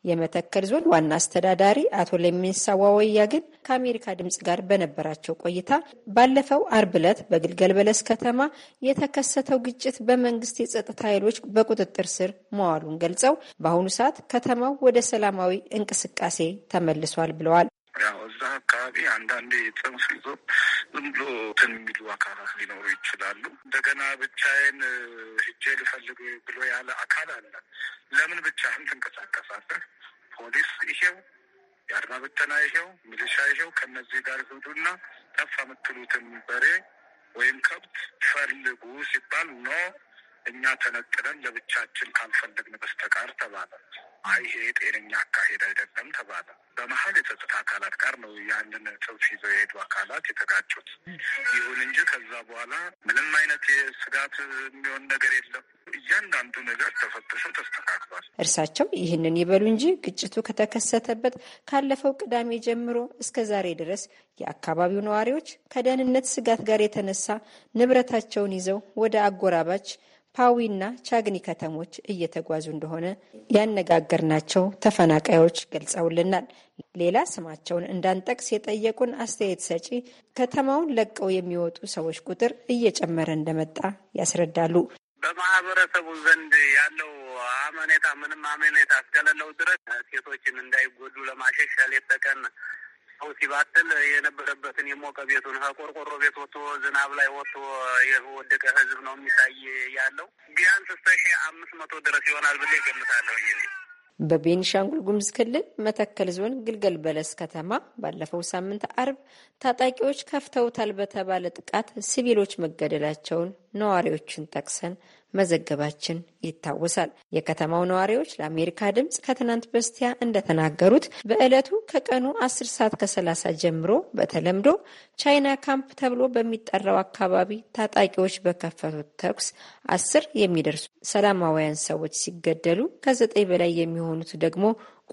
የመተከል ዞን ዋና አስተዳዳሪ አቶ ለሚንሳ ዋወያ ግን ከአሜሪካ ድምጽ ጋር በነበራቸው ቆይታ ባለፈው አርብ ዕለት በግልገል በለስ ከተማ የተከሰተው ግጭት በመንግስት የጸጥታ ኃይሎች በቁጥጥር ስር መዋሉን ገልጸው በአሁኑ ሰዓት ከተማው ወደ ሰላማዊ እንቅስቃሴ ተመልሷል ብለዋል። ያው እዛ አካባቢ አንዳንዴ ጽንፍ ይዞ ዝም ብሎ እንትን የሚሉ አካላት ሊኖሩ ይችላሉ። እንደገና ብቻዬን ሂጄ ልፈልግ ብሎ ያለ አካል አለ። ለምን ብቻህን ትንቀሳቀሳለህ? ፖሊስ ይሄው፣ የአድማ ብተና ይሄው፣ ሚሊሻ ይሄው፣ ከነዚህ ጋር ሂዱና ጠፋ የምትሉትን በሬ ወይም ከብት ፈልጉ ሲባል ኖ እኛ ተነጥለን ለብቻችን ካልፈለግን በስተቀር ተባለ። ይሄ ጤነኛ አካሄድ አይደለም ተባለ። በመሀል የጸጥታ አካላት ጋር ነው ያንን ሰልፍ ይዘው የሄዱ አካላት የተጋጩት። ይሁን እንጂ ከዛ በኋላ ምንም አይነት ስጋት የሚሆን ነገር የለም። እያንዳንዱ ነገር ተፈትሾ ተስተካክሏል። እርሳቸው ይህንን ይበሉ እንጂ ግጭቱ ከተከሰተበት ካለፈው ቅዳሜ ጀምሮ እስከ ዛሬ ድረስ የአካባቢው ነዋሪዎች ከደህንነት ስጋት ጋር የተነሳ ንብረታቸውን ይዘው ወደ አጎራባች ፓዊና ቻግኒ ከተሞች እየተጓዙ እንደሆነ ያነጋገርናቸው ተፈናቃዮች ገልጸውልናል። ሌላ ስማቸውን እንዳንጠቅስ የጠየቁን አስተያየት ሰጪ ከተማውን ለቀው የሚወጡ ሰዎች ቁጥር እየጨመረ እንደመጣ ያስረዳሉ። በማህበረሰቡ ዘንድ ያለው አመኔታ ምንም አመኔታ እስከሌለው ድረስ ሴቶችን እንዳይጎዱ ለማሸሽ ሌት ተቀን ሰው ሲባትል የነበረበትን የሞቀ ቤቱን ከቆርቆሮ ቤት ወጥቶ ዝናብ ላይ ወጥቶ የወደቀ ህዝብ ነው የሚታይ ያለው። ቢያንስ እስከ ሺ አምስት መቶ ድረስ ይሆናል ብዬ እገምታለሁ። በቤኒሻንጉል ጉሙዝ ክልል መተከል ዞን ግልገል በለስ ከተማ ባለፈው ሳምንት አርብ ታጣቂዎች ከፍተውታል በተባለ ጥቃት ሲቪሎች መገደላቸውን ነዋሪዎችን ጠቅሰን መዘገባችን ይታወሳል። የከተማው ነዋሪዎች ለአሜሪካ ድምፅ ከትናንት በስቲያ እንደተናገሩት በዕለቱ ከቀኑ 10 ሰዓት ከ30 ጀምሮ በተለምዶ ቻይና ካምፕ ተብሎ በሚጠራው አካባቢ ታጣቂዎች በከፈቱት ተኩስ አስር የሚደርሱ ሰላማውያን ሰዎች ሲገደሉ ከዘጠኝ በላይ የሚሆኑት ደግሞ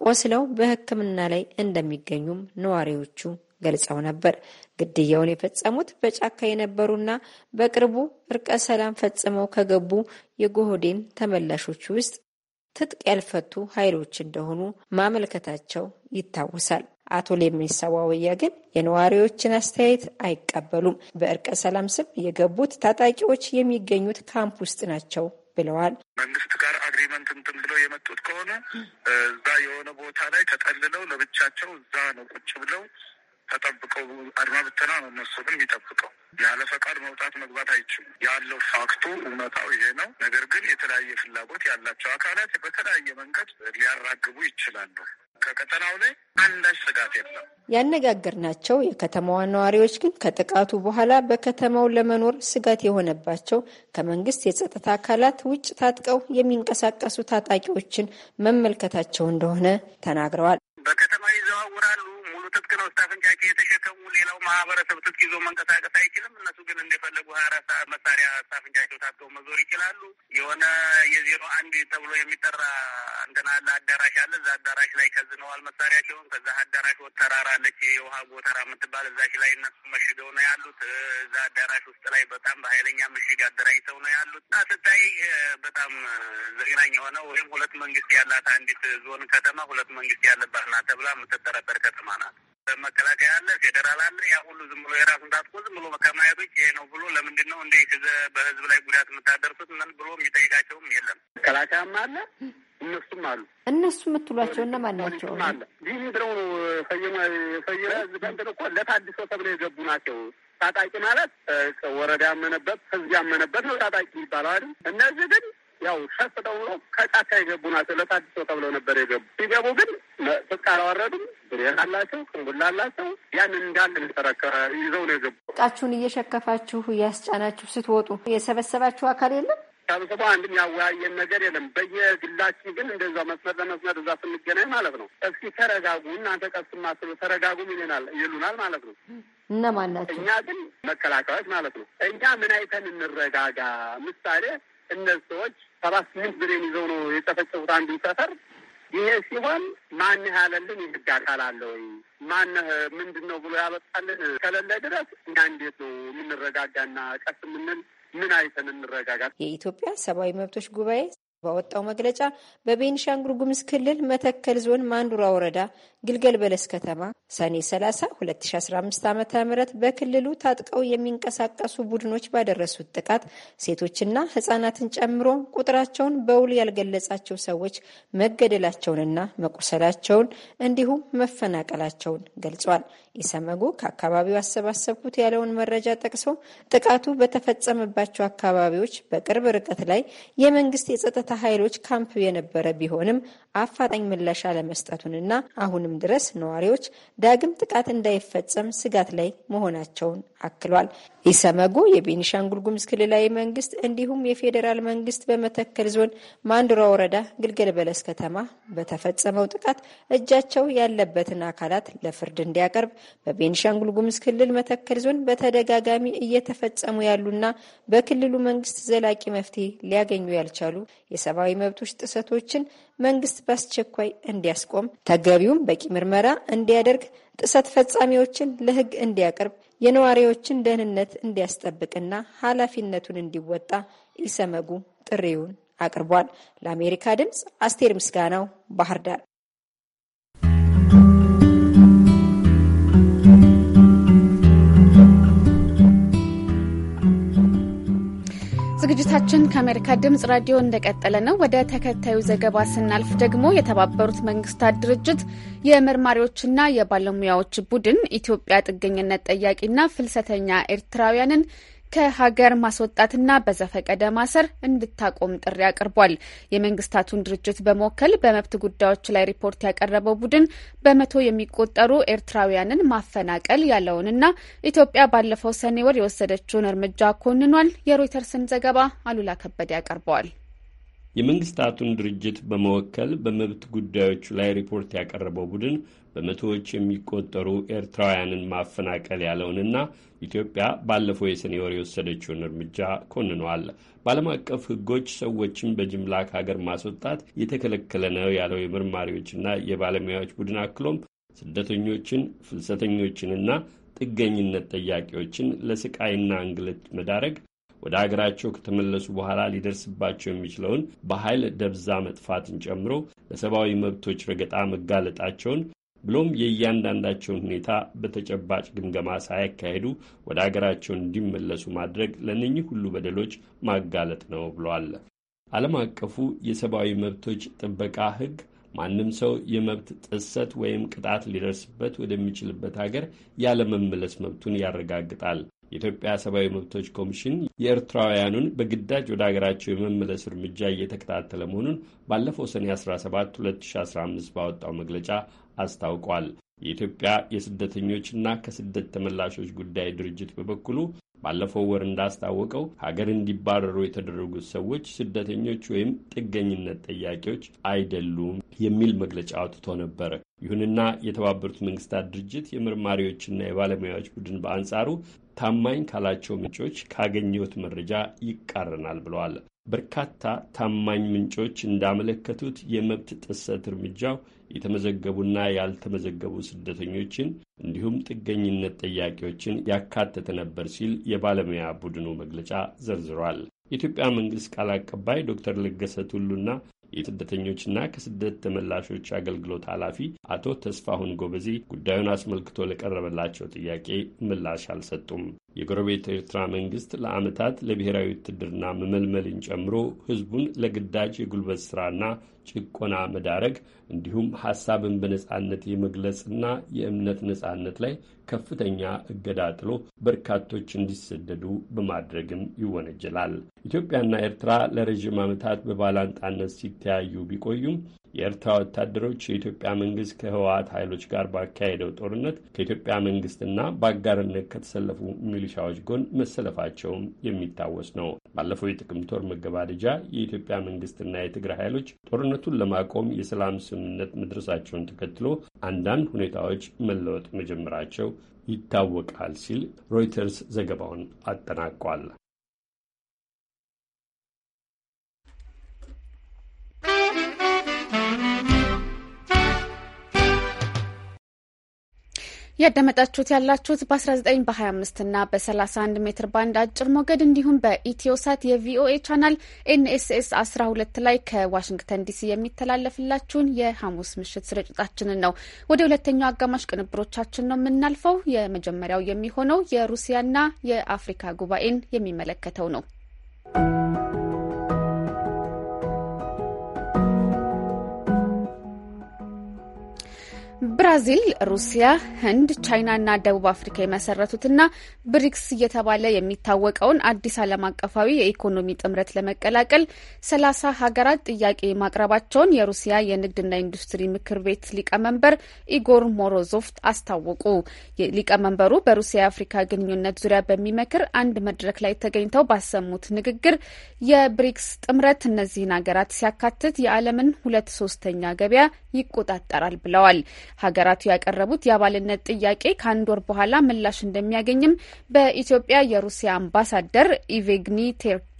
ቆስለው በሕክምና ላይ እንደሚገኙም ነዋሪዎቹ ገልጸው ነበር። ግድያውን የፈጸሙት በጫካ የነበሩና በቅርቡ እርቀ ሰላም ፈጽመው ከገቡ የጎህዴን ተመላሾች ውስጥ ትጥቅ ያልፈቱ ኃይሎች እንደሆኑ ማመልከታቸው ይታወሳል። አቶ ሌሜሳ ዋወያ ግን የነዋሪዎችን አስተያየት አይቀበሉም። በእርቀ ሰላም ስም የገቡት ታጣቂዎች የሚገኙት ካምፕ ውስጥ ናቸው ብለዋል። መንግስት ጋር አግሪመንት እንትን ብለው የመጡት ከሆነ እዛ የሆነ ቦታ ላይ ተጠልለው ለብቻቸው እዛ ነው ቁጭ ብለው ተጠብቀው አድማ ብተና ነው እነሱ ግን የሚጠብቀው ያለ ፈቃድ መውጣት መግባት አይችሉም። ያለው ፋክቱ እውነታው ይሄ ነው። ነገር ግን የተለያየ ፍላጎት ያላቸው አካላት በተለያየ መንገድ ሊያራግቡ ይችላሉ። ከቀጠናው ላይ አንዳች ስጋት የለም። ያነጋገርናቸው የከተማዋ ነዋሪዎች ግን ከጥቃቱ በኋላ በከተማው ለመኖር ስጋት የሆነባቸው ከመንግስት የጸጥታ አካላት ውጭ ታጥቀው የሚንቀሳቀሱ ታጣቂዎችን መመልከታቸው እንደሆነ ተናግረዋል። በከተማ ይዘዋውራሉ ትጥቅ ነው እስታፍንጫቸው የተሸፈነ ማህበረሰብ ትጥቅ ይዞ መንቀሳቀስ አይችልም። እነሱ ግን እንደፈለጉ ሀያ አራት መሳሪያ ሳፍንጃቸው ታጥተው መዞር ይችላሉ። የሆነ የዜሮ አንድ ተብሎ የሚጠራ እንትና አለ አዳራሽ አለ። እዛ አዳራሽ ላይ ከዝነዋል መሳሪያቸውን። ከዛ አዳራሽ ተራራ አለች የውሃ ጎተራ የምትባል እዛች ላይ እነሱ መሽገው ነው ያሉት። እዛ አዳራሽ ውስጥ ላይ በጣም በኃይለኛ ምሽግ አደራጅተው ነው ያሉት እና ስታይ በጣም ዘግናኝ የሆነ ወይም ሁለት መንግስት ያላት አንዲት ዞን ከተማ ሁለት መንግስት ያለባት ናት ተብላ የምትጠረበር ከተማ ናት። መከላከያ አለ፣ ፌዴራል አለ። ያ ሁሉ ዝም ብሎ የራሱን ታጥቆ ዝም ብሎ ከማየቶች ይሄ ነው ብሎ ለምንድን ነው እንደ በህዝብ ላይ ጉዳት የምታደርሱት ምን ብሎ የሚጠይቃቸውም የለም። መከላከያም አለ፣ እነሱም አሉ። እነሱ የምትሏቸው እነማን ናቸው? አለ ይህ ምድረው ነው ሰየራ ዝበንትን እኮ ለታድሶ ተብሎ የገቡ ናቸው። ታጣቂ ማለት ወረዳ ያመነበት ህዝብ ያመነበት ነው ታጣቂ አይደል? እነዚህ ግን ያው ሸፍ ደውሎ ከጫካ የገቡ ናቸው። ለታድሶ ተብለው ነበር የገቡ። ሲገቡ ግን ፍቃ አላወረዱም። ብሬን አላቸው፣ ቅንቡላ አላቸው። ያን እንዳለ ይዘው ነው የገቡ። እቃችሁን እየሸከፋችሁ እያስጫናችሁ ስትወጡ የሰበሰባችሁ አካል የለም። ሰብስቦ አንድም ያወያየን ነገር የለም። በየግላችን ግን እንደዛ መስመር ለመስመር እዛ ስንገናኝ ማለት ነው እስኪ ተረጋጉ እናንተ ቀስ ማስሉ ተረጋጉም ይለናል ይሉናል ማለት ነው። እነማን ናቸው? እኛ ግን መከላከያዎች ማለት ነው። እኛ ምን አይተን እንረጋጋ? ምሳሌ እነዚህ ሰዎች ሰባት ስምንት ብሬን ይዘው ነው የጨፈጨፉት አንዱ ሰፈር። ይሄ ሲሆን ማን ያለልን የህግ አካል አለ ወይ? ማነህ ምንድን ነው ብሎ ያበጣልን ከሌለ ድረስ እኛ እንዴት ነው የምንረጋጋና ቀስ የምንል? ምን አይተን እንረጋጋት? የኢትዮጵያ ሰብአዊ መብቶች ጉባኤ ባወጣው መግለጫ በቤኒሻንጉል ጉምዝ ክልል መተከል ዞን ማንዱራ ወረዳ ግልገል በለስ ከተማ ሰኔ 30 2015 ዓ.ም በክልሉ ታጥቀው የሚንቀሳቀሱ ቡድኖች ባደረሱት ጥቃት ሴቶችና ሕጻናትን ጨምሮ ቁጥራቸውን በውል ያልገለጻቸው ሰዎች መገደላቸውንና መቁሰላቸውን እንዲሁም መፈናቀላቸውን ገልጿል። ኢሰመጉ ከአካባቢው አሰባሰብኩት ያለውን መረጃ ጠቅሶ ጥቃቱ በተፈጸመባቸው አካባቢዎች በቅርብ ርቀት ላይ የመንግስት የጸጥታ የጸጥታ ኃይሎች ካምፕ የነበረ ቢሆንም አፋጣኝ ምላሽ አለመስጠቱንና አሁንም ድረስ ነዋሪዎች ዳግም ጥቃት እንዳይፈጸም ስጋት ላይ መሆናቸውን አክሏል። ኢሰመጎ የቤኒሻንጉል ጉምዝ ክልላዊ መንግስት እንዲሁም የፌዴራል መንግስት በመተከል ዞን ማንዱራ ወረዳ ግልገል በለስ ከተማ በተፈጸመው ጥቃት እጃቸው ያለበትን አካላት ለፍርድ እንዲያቀርብ በቤኒሻንጉል ጉምዝ ክልል መተከል ዞን በተደጋጋሚ እየተፈጸሙ ያሉና በክልሉ መንግስት ዘላቂ መፍትሄ ሊያገኙ ያልቻሉ የሰብአዊ መብቶች ጥሰቶችን መንግስት በአስቸኳይ እንዲያስቆም፣ ተገቢውም በቂ ምርመራ እንዲያደርግ፣ ጥሰት ፈጻሚዎችን ለህግ እንዲያቀርብ፣ የነዋሪዎችን ደህንነት እንዲያስጠብቅና ኃላፊነቱን እንዲወጣ ኢሰመጉ ጥሪውን አቅርቧል። ለአሜሪካ ድምፅ አስቴር ምስጋናው ባህር ዳር። ዝግጅታችን ከአሜሪካ ድምፅ ራዲዮ እንደቀጠለ ነው። ወደ ተከታዩ ዘገባ ስናልፍ ደግሞ የተባበሩት መንግስታት ድርጅት የመርማሪዎችና የባለሙያዎች ቡድን ኢትዮጵያ ጥገኝነት ጠያቂና ፍልሰተኛ ኤርትራውያንን ከሀገር ማስወጣትና በዘፈቀደ ማሰር እንድታቆም ጥሪ አቅርቧል። የመንግስታቱን ድርጅት በመወከል በመብት ጉዳዮች ላይ ሪፖርት ያቀረበው ቡድን በመቶ የሚቆጠሩ ኤርትራውያንን ማፈናቀል ያለውንና ኢትዮጵያ ባለፈው ሰኔ ወር የወሰደችውን እርምጃ ኮንኗል። የሮይተርስን ዘገባ አሉላ ከበደ ያቀርበዋል። የመንግስታቱን ድርጅት በመወከል በመብት ጉዳዮች ላይ ሪፖርት ያቀረበው ቡድን በመቶዎች የሚቆጠሩ ኤርትራውያንን ማፈናቀል ያለውንና ኢትዮጵያ ባለፈው የሰኔ ወር የወሰደችውን እርምጃ ኮንኗል። በዓለም አቀፍ ሕጎች ሰዎችን በጅምላ ከሀገር ማስወጣት የተከለከለ ነው ያለው የመርማሪዎችና የባለሙያዎች ቡድን አክሎም ስደተኞችን፣ ፍልሰተኞችንና ጥገኝነት ጠያቂዎችን ለስቃይና እንግልት መዳረግ ወደ አገራቸው ከተመለሱ በኋላ ሊደርስባቸው የሚችለውን በኃይል ደብዛ መጥፋትን ጨምሮ ለሰብአዊ መብቶች ረገጣ መጋለጣቸውን ብሎም የእያንዳንዳቸውን ሁኔታ በተጨባጭ ግምገማ ሳያካሄዱ ወደ አገራቸው እንዲመለሱ ማድረግ ለነኚህ ሁሉ በደሎች ማጋለጥ ነው ብሏል። ዓለም አቀፉ የሰብአዊ መብቶች ጥበቃ ሕግ ማንም ሰው የመብት ጥሰት ወይም ቅጣት ሊደርስበት ወደሚችልበት ሀገር ያለመመለስ መብቱን ያረጋግጣል። የኢትዮጵያ ሰብአዊ መብቶች ኮሚሽን የኤርትራውያኑን በግዳጅ ወደ ሀገራቸው የመመለስ እርምጃ እየተከታተለ መሆኑን ባለፈው ሰኔ 17 2015 ባወጣው መግለጫ አስታውቋል። የኢትዮጵያ የስደተኞችና ከስደት ተመላሾች ጉዳይ ድርጅት በበኩሉ ባለፈው ወር እንዳስታወቀው ሀገር እንዲባረሩ የተደረጉት ሰዎች ስደተኞች ወይም ጥገኝነት ጠያቂዎች አይደሉም የሚል መግለጫ አውጥቶ ነበር። ይሁንና የተባበሩት መንግስታት ድርጅት የምርማሪዎችና የባለሙያዎች ቡድን በአንጻሩ ታማኝ ካላቸው ምንጮች ካገኘሁት መረጃ ይቃረናል ብለዋል። በርካታ ታማኝ ምንጮች እንዳመለከቱት የመብት ጥሰት እርምጃው የተመዘገቡና ያልተመዘገቡ ስደተኞችን እንዲሁም ጥገኝነት ጠያቂዎችን ያካተተ ነበር ሲል የባለሙያ ቡድኑ መግለጫ ዘርዝሯል። የኢትዮጵያ መንግስት ቃል አቀባይ ዶክተር ለገሰ ቱሉና የስደተኞችና ከስደት ተመላሾች አገልግሎት ኃላፊ አቶ ተስፋሁን ጎበዜ ጉዳዩን አስመልክቶ ለቀረበላቸው ጥያቄ ምላሽ አልሰጡም። የጎረቤት ኤርትራ መንግስት ለዓመታት ለብሔራዊ ውትድርና መመልመልን ጨምሮ ህዝቡን ለግዳጅ የጉልበት ስራና ጭቆና መዳረግ እንዲሁም ሀሳብን በነጻነት የመግለጽና የእምነት ነጻነት ላይ ከፍተኛ እገዳ ጥሎ በርካቶች እንዲሰደዱ በማድረግም ይወነጀላል። ኢትዮጵያና ኤርትራ ለረዥም ዓመታት በባላንጣነት ሲተያዩ ቢቆዩም የኤርትራ ወታደሮች የኢትዮጵያ መንግስት ከህወሓት ኃይሎች ጋር ባካሄደው ጦርነት ከኢትዮጵያ መንግስትና በአጋርነት ከተሰለፉ ሚሊሻዎች ጎን መሰለፋቸውም የሚታወስ ነው። ባለፈው የጥቅምት ወር መገባደጃ የኢትዮጵያ መንግስትና የትግራይ ኃይሎች ጦርነቱን ለማቆም የሰላም ስምምነት መድረሳቸውን ተከትሎ አንዳንድ ሁኔታዎች መለወጥ መጀመራቸው ይታወቃል ሲል ሮይተርስ ዘገባውን አጠናቋል። ያዳመጣችሁት ያላችሁት በ19 በ25 እና በ31 ሜትር ባንድ አጭር ሞገድ እንዲሁም በኢትዮሳት የቪኦኤ ቻናል ኤንኤስኤስ 12 ላይ ከዋሽንግተን ዲሲ የሚተላለፍላችሁን የሐሙስ ምሽት ስርጭታችንን ነው። ወደ ሁለተኛው አጋማሽ ቅንብሮቻችን ነው የምናልፈው። የመጀመሪያው የሚሆነው የሩሲያና የአፍሪካ ጉባኤን የሚመለከተው ነው። ብራዚል፣ ሩሲያ፣ ህንድ፣ ቻይናና ደቡብ አፍሪካ የመሰረቱትና ብሪክስ እየተባለ የሚታወቀውን አዲስ ዓለም አቀፋዊ የኢኮኖሚ ጥምረት ለመቀላቀል ሰላሳ ሀገራት ጥያቄ ማቅረባቸውን የሩሲያ የንግድና ኢንዱስትሪ ምክር ቤት ሊቀመንበር ኢጎር ሞሮዞቭ አስታወቁ። ሊቀመንበሩ በሩሲያ የአፍሪካ ግንኙነት ዙሪያ በሚመክር አንድ መድረክ ላይ ተገኝተው ባሰሙት ንግግር የብሪክስ ጥምረት እነዚህን ሀገራት ሲያካትት የዓለምን ሁለት ሶስተኛ ገበያ ይቆጣጠራል ብለዋል። ሀገራቱ ያቀረቡት የአባልነት ጥያቄ ከአንድ ወር በኋላ ምላሽ እንደሚያገኝም በኢትዮጵያ የሩሲያ አምባሳደር ኢቬግኒ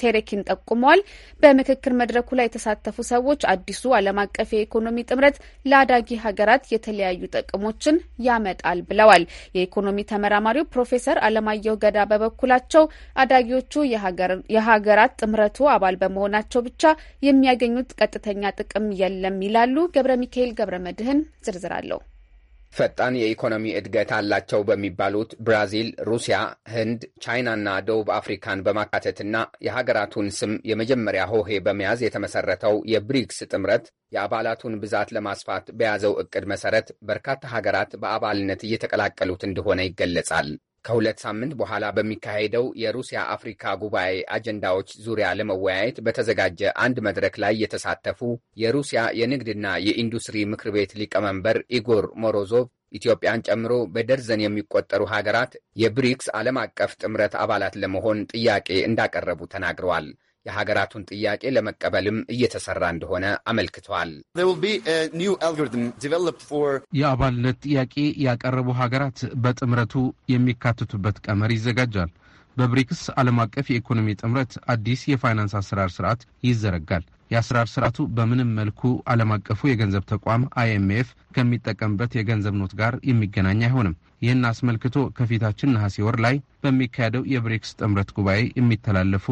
ቴሬኪን ጠቁመዋል። በምክክር መድረኩ ላይ የተሳተፉ ሰዎች አዲሱ ዓለም አቀፍ የኢኮኖሚ ጥምረት ለአዳጊ ሀገራት የተለያዩ ጥቅሞችን ያመጣል ብለዋል። የኢኮኖሚ ተመራማሪው ፕሮፌሰር አለማየሁ ገዳ በበኩላቸው አዳጊዎቹ የሀገራት ጥምረቱ አባል በመሆናቸው ብቻ የሚያገኙት ቀጥተኛ ጥቅም የለም ይላሉ። ገብረ ሚካኤል ገብረ መድህን ዝርዝር አለው። ፈጣን የኢኮኖሚ እድገት አላቸው በሚባሉት ብራዚል፣ ሩሲያ፣ ህንድ፣ ቻይናና ደቡብ አፍሪካን በማካተትና የሀገራቱን ስም የመጀመሪያ ሆሄ በመያዝ የተመሰረተው የብሪክስ ጥምረት የአባላቱን ብዛት ለማስፋት በያዘው እቅድ መሰረት በርካታ ሀገራት በአባልነት እየተቀላቀሉት እንደሆነ ይገለጻል። ከሁለት ሳምንት በኋላ በሚካሄደው የሩሲያ አፍሪካ ጉባኤ አጀንዳዎች ዙሪያ ለመወያየት በተዘጋጀ አንድ መድረክ ላይ የተሳተፉ የሩሲያ የንግድና የኢንዱስትሪ ምክር ቤት ሊቀመንበር ኢጎር ሞሮዞቭ ኢትዮጵያን ጨምሮ በደርዘን የሚቆጠሩ ሀገራት የብሪክስ ዓለም አቀፍ ጥምረት አባላት ለመሆን ጥያቄ እንዳቀረቡ ተናግረዋል። የሀገራቱን ጥያቄ ለመቀበልም እየተሰራ እንደሆነ አመልክተዋል። የአባልነት ጥያቄ ያቀረቡ ሀገራት በጥምረቱ የሚካተቱበት ቀመር ይዘጋጃል። በብሪክስ ዓለም አቀፍ የኢኮኖሚ ጥምረት አዲስ የፋይናንስ አሰራር ስርዓት ይዘረጋል። የአሰራር ስርዓቱ በምንም መልኩ ዓለም አቀፉ የገንዘብ ተቋም አይኤምኤፍ ከሚጠቀምበት የገንዘብ ኖት ጋር የሚገናኝ አይሆንም። ይህን አስመልክቶ ከፊታችን ነሐሴ ወር ላይ በሚካሄደው የብሪክስ ጥምረት ጉባኤ የሚተላለፉ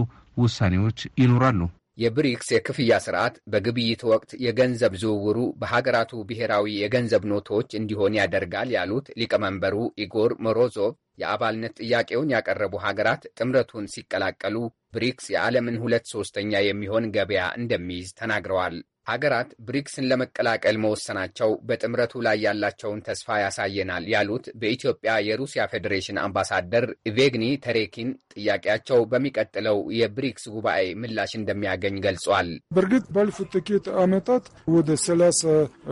ውሳኔዎች ይኖራሉ። የብሪክስ የክፍያ ስርዓት በግብይት ወቅት የገንዘብ ዝውውሩ በሀገራቱ ብሔራዊ የገንዘብ ኖቶች እንዲሆን ያደርጋል ያሉት ሊቀመንበሩ ኢጎር ሞሮዞቭ የአባልነት ጥያቄውን ያቀረቡ ሀገራት ጥምረቱን ሲቀላቀሉ ብሪክስ የዓለምን ሁለት ሶስተኛ የሚሆን ገበያ እንደሚይዝ ተናግረዋል። ሀገራት ብሪክስን ለመቀላቀል መወሰናቸው በጥምረቱ ላይ ያላቸውን ተስፋ ያሳየናል ያሉት በኢትዮጵያ የሩሲያ ፌዴሬሽን አምባሳደር ኢቬግኒ ተሬኪን ጥያቄያቸው በሚቀጥለው የብሪክስ ጉባኤ ምላሽ እንደሚያገኝ ገልጿል። በእርግጥ ባለፉት ጥቂት ዓመታት ወደ ሰላሳ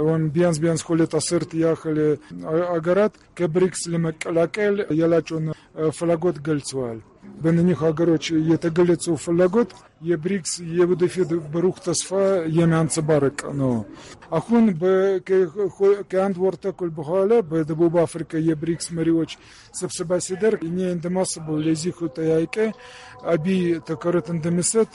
ወይም ቢያንስ ቢያንስ ሁለት አስርት ያህል ሀገራት ከብሪክስ ለመቀላቀል ያላቸውን ፍላጎት ገልጸዋል። በነኚህ ሀገሮች የተገለጸው ፍላጎት የብሪክስ የወደፊት ብሩህ ተስፋ የሚያንጸባርቅ ነው። አሁን ከአንድ ወር ተኩል በኋላ በደቡብ አፍሪካ የብሪክስ መሪዎች ስብሰባ ሲደርግ እኛ እንደማስበው ለዚሁ ጥያቄ አብይ ትኩረት እንደሚሰጥ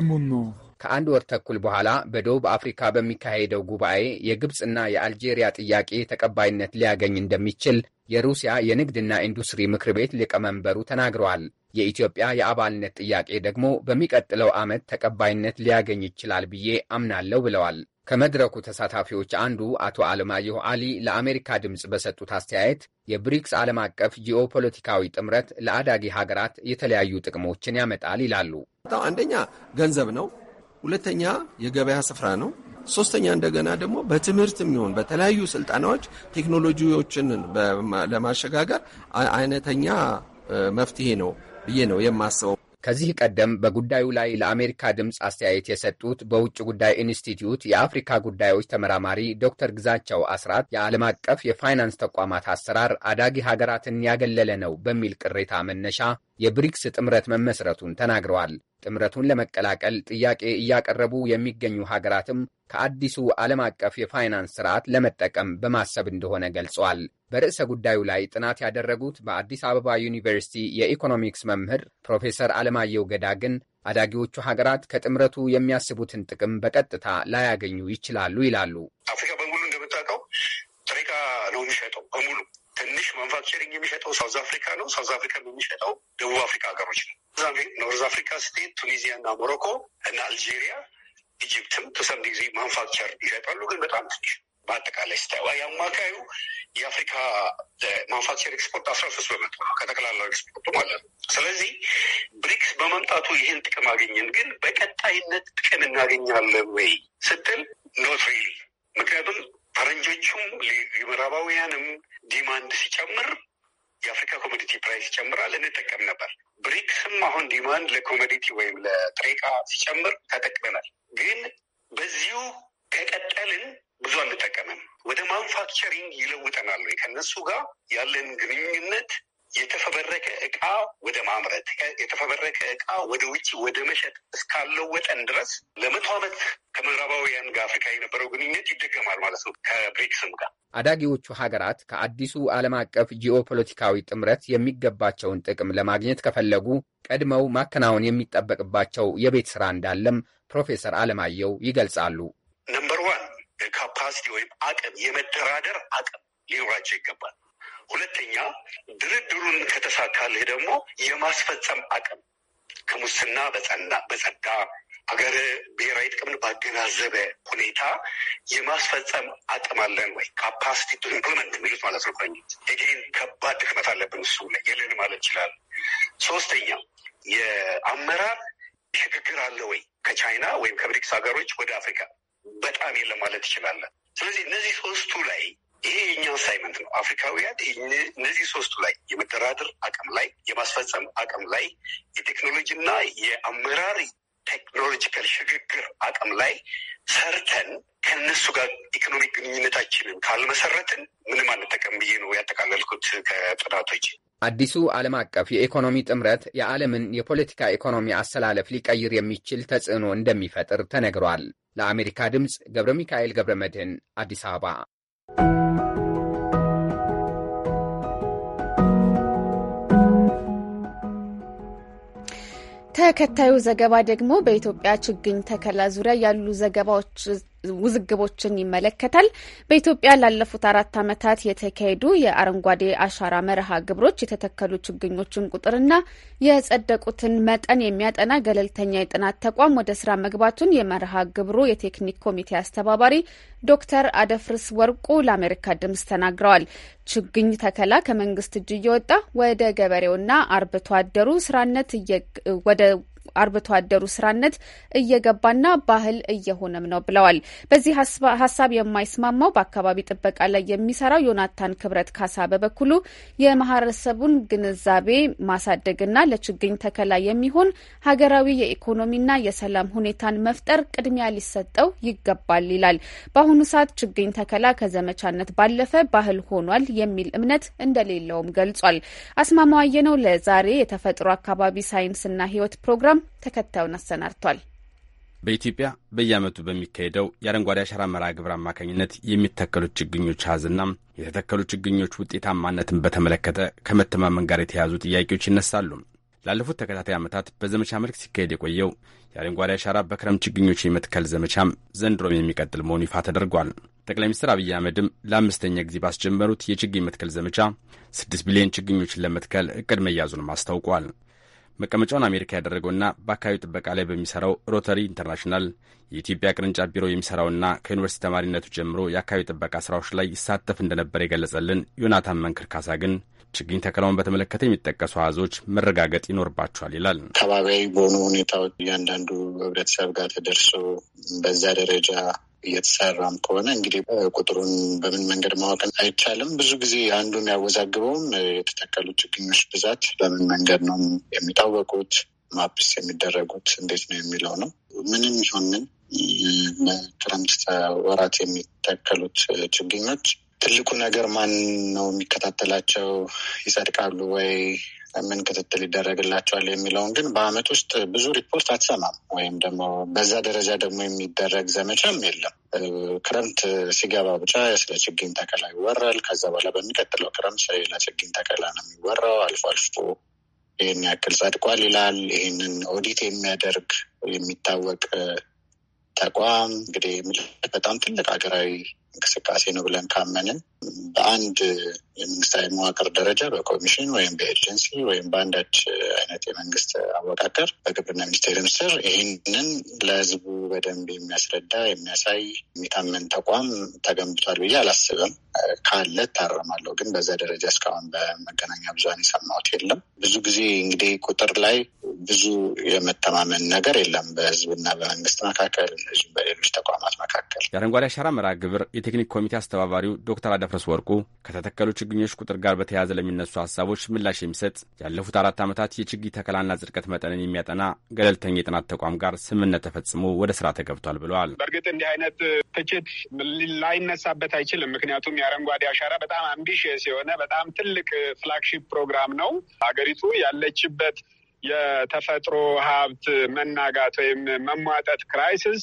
እሙን ነው። ከአንድ ወር ተኩል በኋላ በደቡብ አፍሪካ በሚካሄደው ጉባኤ የግብፅና የአልጄሪያ ጥያቄ ተቀባይነት ሊያገኝ እንደሚችል የሩሲያ የንግድና ኢንዱስትሪ ምክር ቤት ሊቀመንበሩ ተናግረዋል። የኢትዮጵያ የአባልነት ጥያቄ ደግሞ በሚቀጥለው ዓመት ተቀባይነት ሊያገኝ ይችላል ብዬ አምናለሁ ብለዋል። ከመድረኩ ተሳታፊዎች አንዱ አቶ አለማየሁ አሊ ለአሜሪካ ድምፅ በሰጡት አስተያየት የብሪክስ ዓለም አቀፍ ጂኦፖለቲካዊ ጥምረት ለአዳጊ ሀገራት የተለያዩ ጥቅሞችን ያመጣል ይላሉ። አንደኛ ገንዘብ ነው። ሁለተኛ የገበያ ስፍራ ነው። ሶስተኛ እንደገና ደግሞ በትምህርት የሚሆን በተለያዩ ስልጠናዎች ቴክኖሎጂዎችን ለማሸጋገር አይነተኛ መፍትሄ ነው ብዬ ነው የማስበው። ከዚህ ቀደም በጉዳዩ ላይ ለአሜሪካ ድምፅ አስተያየት የሰጡት በውጭ ጉዳይ ኢንስቲትዩት የአፍሪካ ጉዳዮች ተመራማሪ ዶክተር ግዛቸው አስራት የዓለም አቀፍ የፋይናንስ ተቋማት አሰራር አዳጊ ሀገራትን ያገለለ ነው በሚል ቅሬታ መነሻ የብሪክስ ጥምረት መመስረቱን ተናግረዋል። ጥምረቱን ለመቀላቀል ጥያቄ እያቀረቡ የሚገኙ ሀገራትም ከአዲሱ ዓለም አቀፍ የፋይናንስ ስርዓት ለመጠቀም በማሰብ እንደሆነ ገልጸዋል። በርዕሰ ጉዳዩ ላይ ጥናት ያደረጉት በአዲስ አበባ ዩኒቨርሲቲ የኢኮኖሚክስ መምህር ፕሮፌሰር አለማየሁ ገዳ ግን አዳጊዎቹ ሀገራት ከጥምረቱ የሚያስቡትን ጥቅም በቀጥታ ላያገኙ ይችላሉ ይላሉ። አፍሪካ በሙሉ እንደምታውቀው ጥሬ ዕቃ ነው የሚሸጠው በሙሉ ትንሽ ማንፋክቸሪንግ የሚሸጠው ሳውዝ አፍሪካ ነው። ሳውዝ አፍሪካ የሚሸጠው ደቡብ አፍሪካ ሀገሮች ነው። ኖርዝ አፍሪካ ስቴት፣ ቱኒዚያ እና ሞሮኮ እና አልጄሪያ፣ ኢጅፕትም ተሰምድ ጊዜ ማንፋክቸር ይሸጣሉ፣ ግን በጣም ትንሽ በአጠቃላይ ስታየው የአማካዩ የአፍሪካ ማንፋክቸር ኤክስፖርት አስራ ሶስት በመቶ ነው ከጠቅላላው ኤክስፖርቱ ማለት ነው። ስለዚህ ብሪክስ በመምጣቱ ይህን ጥቅም አገኘን፣ ግን በቀጣይነት ጥቅም እናገኛለን ወይ ስትል ኖት ሪሊ። ምክንያቱም ፈረንጆቹም የምዕራባውያንም ዲማንድ ሲጨምር የአፍሪካ ኮሞዲቲ ፕራይስ ይጨምራል፣ እንጠቀም ነበር። ብሪክስም አሁን ዲማንድ ለኮሞዲቲ ወይም ለጥሬ ዕቃ ሲጨምር ተጠቅመናል። ግን በዚሁ ከቀጠልን ብዙ አንጠቀምም። ወደ ማኑፋክቸሪንግ ይለውጠናል ወይ? ከነሱ ጋር ያለን ግንኙነት የተፈበረከ እቃ ወደ ማምረት የተፈበረከ እቃ ወደ ውጭ ወደ መሸጥ ወጠን ድረስ ለመቶ ዓመት ከምዕራባውያን ጋር አፍሪካ የነበረው ግንኙነት ይደገማል ማለት ነው ከብሪክስም ጋር። አዳጊዎቹ ሀገራት ከአዲሱ ዓለም አቀፍ ጂኦፖለቲካዊ ጥምረት የሚገባቸውን ጥቅም ለማግኘት ከፈለጉ ቀድመው ማከናወን የሚጠበቅባቸው የቤት ስራ እንዳለም ፕሮፌሰር አለማየሁ ይገልጻሉ። ነምበር ዋን ካፓሲቲ ወይም አቅም የመደራደር አቅም ሊኖራቸው ይገባል። ሁለተኛ ድርድሩን ከተሳካልህ ደግሞ የማስፈጸም አቅም ከሙስና በጸና በጸዳ ሀገር ብሔራዊ ጥቅምን ባገናዘበ ሁኔታ የማስፈጸም አቅም አለን ወይ? ካፓሲቲ ቱ ኢምፕሊመንት የሚሉት ማለት ነው። ኮኝ እግን ከባድ ድክመት አለብን። እሱ የለን ማለት ይችላል። ሶስተኛ የአመራር ሽግግር አለ ወይ? ከቻይና ወይም ከብሪክስ ሀገሮች ወደ አፍሪካ በጣም የለም ማለት ይችላለን። ስለዚህ እነዚህ ሶስቱ ላይ ይሄ የኛ አሳይመንት ነው። አፍሪካውያን እነዚህ ሶስቱ ላይ የመደራደር አቅም ላይ፣ የማስፈጸም አቅም ላይ፣ የቴክኖሎጂና የአመራር ቴክኖሎጂካል ሽግግር አቅም ላይ ሰርተን ከነሱ ጋር ኢኮኖሚ ግንኙነታችንን ካልመሰረትን ምንም አንጠቀም ብዬ ነው ያጠቃለልኩት ከጥናቶች። አዲሱ ዓለም አቀፍ የኢኮኖሚ ጥምረት የዓለምን የፖለቲካ ኢኮኖሚ አሰላለፍ ሊቀይር የሚችል ተጽዕኖ እንደሚፈጥር ተነግሯል። ለአሜሪካ ድምፅ ገብረ ሚካኤል ገብረ መድህን አዲስ አበባ ተከታዩ ዘገባ ደግሞ በኢትዮጵያ ችግኝ ተከላ ዙሪያ ያሉ ዘገባዎች ውዝግቦችን ይመለከታል። በኢትዮጵያ ላለፉት አራት ዓመታት የተካሄዱ የአረንጓዴ አሻራ መርሃ ግብሮች የተተከሉ ችግኞችን ቁጥርና የጸደቁትን መጠን የሚያጠና ገለልተኛ የጥናት ተቋም ወደ ስራ መግባቱን የመርሃ ግብሩ የቴክኒክ ኮሚቴ አስተባባሪ ዶክተር አደፍርስ ወርቁ ለአሜሪካ ድምጽ ተናግረዋል። ችግኝ ተከላ ከመንግስት እጅ እየወጣ ወደ ገበሬውና አርብቶ አደሩ ስራነት ወደ አርብቶ አደሩ ስራነት እየገባና ባህል እየሆነም ነው ብለዋል። በዚህ ሀሳብ የማይስማማው በአካባቢ ጥበቃ ላይ የሚሰራው ዮናታን ክብረት ካሳ በበኩሉ የማህበረሰቡን ግንዛቤ ማሳደግና ለችግኝ ተከላ የሚሆን ሀገራዊ የኢኮኖሚና የሰላም ሁኔታን መፍጠር ቅድሚያ ሊሰጠው ይገባል ይላል። በአሁኑ ሰዓት ችግኝ ተከላ ከዘመቻነት ባለፈ ባህል ሆኗል የሚል እምነት እንደሌለውም ገልጿል። አስማማው አየነው ለዛሬ የተፈጥሮ አካባቢ ሳይንስና ህይወት ፕሮግራም ፕሮግራም ተከታዩን አሰናድቷል። በኢትዮጵያ በየዓመቱ በሚካሄደው የአረንጓዴ አሻራ መርሃ ግብር አማካኝነት የሚተከሉት ችግኞች አሃዝና የተተከሉ ችግኞች ውጤታማነትን በተመለከተ ከመተማመን ጋር የተያያዙ ጥያቄዎች ይነሳሉ። ላለፉት ተከታታይ ዓመታት በዘመቻ መልክ ሲካሄድ የቆየው የአረንጓዴ አሻራ በክረም ችግኞች የመትከል ዘመቻም ዘንድሮም የሚቀጥል መሆኑ ይፋ ተደርጓል። ጠቅላይ ሚኒስትር አብይ አህመድም ለአምስተኛ ጊዜ ባስጀመሩት የችግኝ መትከል ዘመቻ ስድስት ቢሊዮን ችግኞችን ለመትከል እቅድ መያዙንም አስታውቋል። መቀመጫውን አሜሪካ ያደረገውና በአካባቢው ጥበቃ ላይ በሚሰራው ሮተሪ ኢንተርናሽናል የኢትዮጵያ ቅርንጫፍ ቢሮ የሚሰራውና ከዩኒቨርሲቲ ተማሪነቱ ጀምሮ የአካባቢ ጥበቃ ስራዎች ላይ ይሳተፍ እንደነበር የገለጸልን ዮናታን መንክር ካሳ ግን ችግኝ ተከላውን በተመለከተ የሚጠቀሱ አዞች መረጋገጥ ይኖርባቸዋል ይላል። ከባቢያዊ በሆኑ ሁኔታዎች እያንዳንዱ ህብረተሰብ ጋር ተደርሶ በዛ ደረጃ እየተሰራም ከሆነ እንግዲህ ቁጥሩን በምን መንገድ ማወቅ አይቻልም። ብዙ ጊዜ አንዱን ያወዛግበውም የተተከሉ ችግኞች ብዛት በምን መንገድ ነው የሚታወቁት፣ ማፕስ የሚደረጉት እንዴት ነው የሚለው ነው። ምንም ይሁን ምን ወራት የሚተከሉት ችግኞች ትልቁ ነገር ማን ነው የሚከታተላቸው? ይጸድቃሉ ወይ ምን ክትትል ይደረግላቸዋል የሚለውን ግን በአመት ውስጥ ብዙ ሪፖርት አትሰማም። ወይም ደግሞ በዛ ደረጃ ደግሞ የሚደረግ ዘመቻም የለም። ክረምት ሲገባ ብቻ ስለ ችግኝ ተከላ ይወራል። ከዛ በኋላ በሚቀጥለው ክረምት ስለሌላ ችግኝ ተከላ ነው የሚወራው። አልፎ አልፎ ይህን ያክል ጸድቋል ይላል። ይህንን ኦዲት የሚያደርግ የሚታወቅ ተቋም እንግዲህ በጣም ትልቅ ሀገራዊ እንቅስቃሴ ነው ብለን ካመንን በአንድ የመንግስታዊ መዋቅር ደረጃ በኮሚሽን ወይም በኤጀንሲ ወይም በአንዳች አይነት የመንግስት አወቃቀር በግብርና ሚኒስቴርም ስር ይህንን ለህዝቡ በደንብ የሚያስረዳ የሚያሳይ የሚታመን ተቋም ተገንብቷል ብዬ አላስብም። ካለ ታረማለሁ፣ ግን በዛ ደረጃ እስካሁን በመገናኛ ብዙን የሰማሁት የለም። ብዙ ጊዜ እንግዲህ ቁጥር ላይ ብዙ የመተማመን ነገር የለም በህዝብና በመንግስት መካከል እንደዚሁም በሌሎች ተቋማት መካከል የአረንጓዴ አሻራ መርሃ ግብር የቴክኒክ ኮሚቴ አስተባባሪው ዶክተር አደፍረስ ወርቁ ከተተከሉ ችግኞች ቁጥር ጋር በተያያዘ ለሚነሱ ሀሳቦች ምላሽ የሚሰጥ ያለፉት አራት ዓመታት የችግኝ ተከላና ጽድቀት መጠንን የሚያጠና ገለልተኛ የጥናት ተቋም ጋር ስምምነት ተፈጽሞ ወደ ስራ ተገብቷል ብለዋል። በእርግጥ እንዲህ አይነት ትችት ላይነሳበት አይችልም። ምክንያቱም የአረንጓዴ አሻራ በጣም አምቢሽየስ የሆነ በጣም ትልቅ ፍላግሺፕ ፕሮግራም ነው። ሀገሪቱ ያለችበት የተፈጥሮ ሀብት መናጋት ወይም መሟጠት ክራይሲስ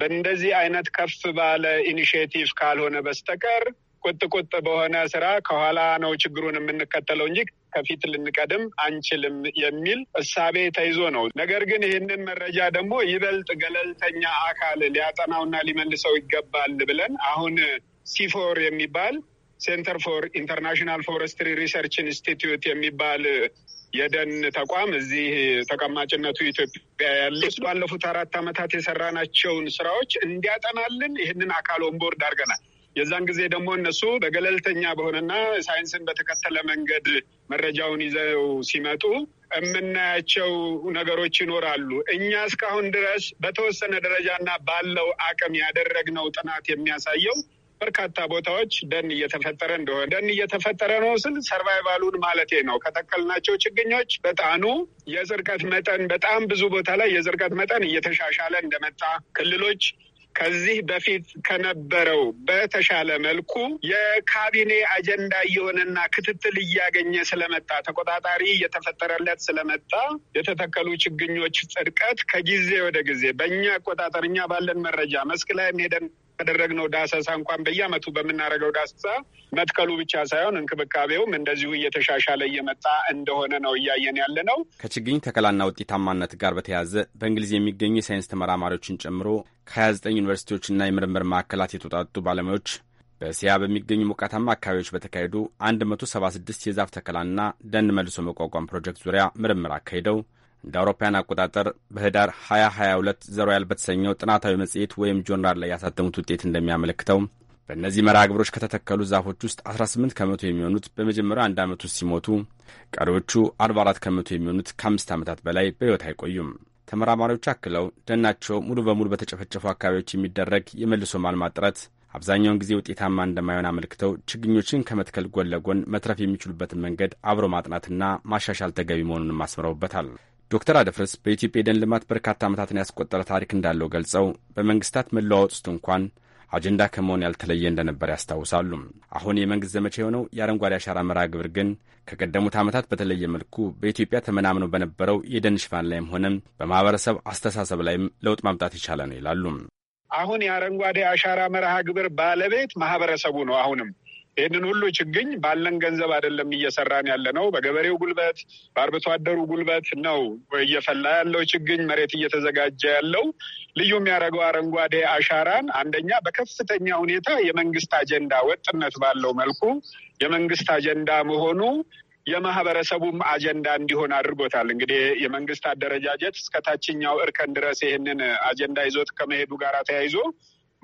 በእንደዚህ አይነት ከፍ ባለ ኢኒሽቲቭ ካልሆነ በስተቀር ቁጥ ቁጥ በሆነ ስራ ከኋላ ነው ችግሩን የምንከተለው እንጂ ከፊት ልንቀድም አንችልም የሚል እሳቤ ተይዞ ነው። ነገር ግን ይህንን መረጃ ደግሞ ይበልጥ ገለልተኛ አካል ሊያጠናውና ሊመልሰው ይገባል ብለን አሁን ሲፎር የሚባል ሴንተር ፎር ኢንተርናሽናል ፎረስትሪ ሪሰርች ኢንስቲትዩት የሚባል የደን ተቋም እዚህ ተቀማጭነቱ ኢትዮጵያ ያለ ባለፉት አራት ዓመታት የሰራናቸውን ስራዎች እንዲያጠናልን ይህንን አካል ኦንቦርድ አድርገናል። የዛን ጊዜ ደግሞ እነሱ በገለልተኛ በሆነና ሳይንስን በተከተለ መንገድ መረጃውን ይዘው ሲመጡ የምናያቸው ነገሮች ይኖራሉ። እኛ እስካሁን ድረስ በተወሰነ ደረጃና ባለው አቅም ያደረግነው ጥናት የሚያሳየው በርካታ ቦታዎች ደን እየተፈጠረ እንደሆነ ደን እየተፈጠረ ነው ስል ሰርቫይቫሉን ማለቴ ነው። ከተከልናቸው ችግኞች በጣኑ የዝርቀት መጠን በጣም ብዙ ቦታ ላይ የዝርቀት መጠን እየተሻሻለ እንደመጣ ክልሎች ከዚህ በፊት ከነበረው በተሻለ መልኩ የካቢኔ አጀንዳ እየሆነና ክትትል እያገኘ ስለመጣ ተቆጣጣሪ እየተፈጠረለት ስለመጣ የተተከሉ ችግኞች ጽድቀት ከጊዜ ወደ ጊዜ በእኛ አቆጣጠር እኛ ባለን መረጃ መስክ ላይ ሄደን ያደረግነው ዳሰሳ እንኳን በየአመቱ በምናደርገው ዳሰሳ መትከሉ ብቻ ሳይሆን እንክብካቤውም እንደዚሁ እየተሻሻለ እየመጣ እንደሆነ ነው እያየን ያለ ነው። ከችግኝ ተከላና ውጤታማነት ጋር በተያያዘ በእንግሊዝ የሚገኙ የሳይንስ ተመራማሪዎችን ጨምሮ ከ29 ዩኒቨርሲቲዎችና የምርምር ማዕከላት የተውጣጡ ባለሙያዎች በእስያ በሚገኙ ሞቃታማ አካባቢዎች በተካሄዱ 176 የዛፍ ተከላና ደን መልሶ መቋቋም ፕሮጀክት ዙሪያ ምርምር አካሂደው እንደ አውሮፓውያን አቆጣጠር በህዳር 2022 ዘሮያል በተሰኘው ጥናታዊ መጽሔት ወይም ጆርናል ላይ ያሳተሙት ውጤት እንደሚያመለክተው በእነዚህ መርሃ ግብሮች ከተተከሉ ዛፎች ውስጥ 18 ከመቶ የሚሆኑት በመጀመሪያው አንድ ዓመት ውስጥ ሲሞቱ፣ ቀሪዎቹ 44 ከመቶ የሚሆኑት ከአምስት ዓመታት በላይ በሕይወት አይቆዩም። ተመራማሪዎች አክለው ደናቸው ሙሉ በሙሉ በተጨፈጨፉ አካባቢዎች የሚደረግ የመልሶ ማልማት ጥረት አብዛኛውን ጊዜ ውጤታማ እንደማይሆን አመልክተው ችግኞችን ከመትከል ጎን ለጎን መትረፍ የሚችሉበትን መንገድ አብሮ ማጥናትና ማሻሻል ተገቢ መሆኑንም አስምረውበታል። ዶክተር አደፍረስ በኢትዮጵያ የደን ልማት በርካታ ዓመታትን ያስቆጠረ ታሪክ እንዳለው ገልጸው በመንግስታት መለዋወጥ ውስጥ እንኳን አጀንዳ ከመሆን ያልተለየ እንደነበር ያስታውሳሉ። አሁን የመንግስት ዘመቻ የሆነው የአረንጓዴ አሻራ መርሃ ግብር ግን ከቀደሙት ዓመታት በተለየ መልኩ በኢትዮጵያ ተመናምኖ በነበረው የደን ሽፋን ላይም ሆነም በማህበረሰብ አስተሳሰብ ላይም ለውጥ ማምጣት የቻለ ነው ይላሉ። አሁን የአረንጓዴ አሻራ መርሃ ግብር ባለቤት ማህበረሰቡ ነው። አሁንም ይህንን ሁሉ ችግኝ ባለን ገንዘብ አይደለም እየሰራን ያለ ነው። በገበሬው ጉልበት፣ በአርብቶ አደሩ ጉልበት ነው እየፈላ ያለው ችግኝ መሬት እየተዘጋጀ ያለው። ልዩ የሚያደርገው አረንጓዴ አሻራን አንደኛ በከፍተኛ ሁኔታ የመንግስት አጀንዳ ወጥነት ባለው መልኩ የመንግስት አጀንዳ መሆኑ የማህበረሰቡም አጀንዳ እንዲሆን አድርጎታል። እንግዲህ የመንግስት አደረጃጀት እስከ ታችኛው እርከን ድረስ ይህንን አጀንዳ ይዞት ከመሄዱ ጋር ተያይዞ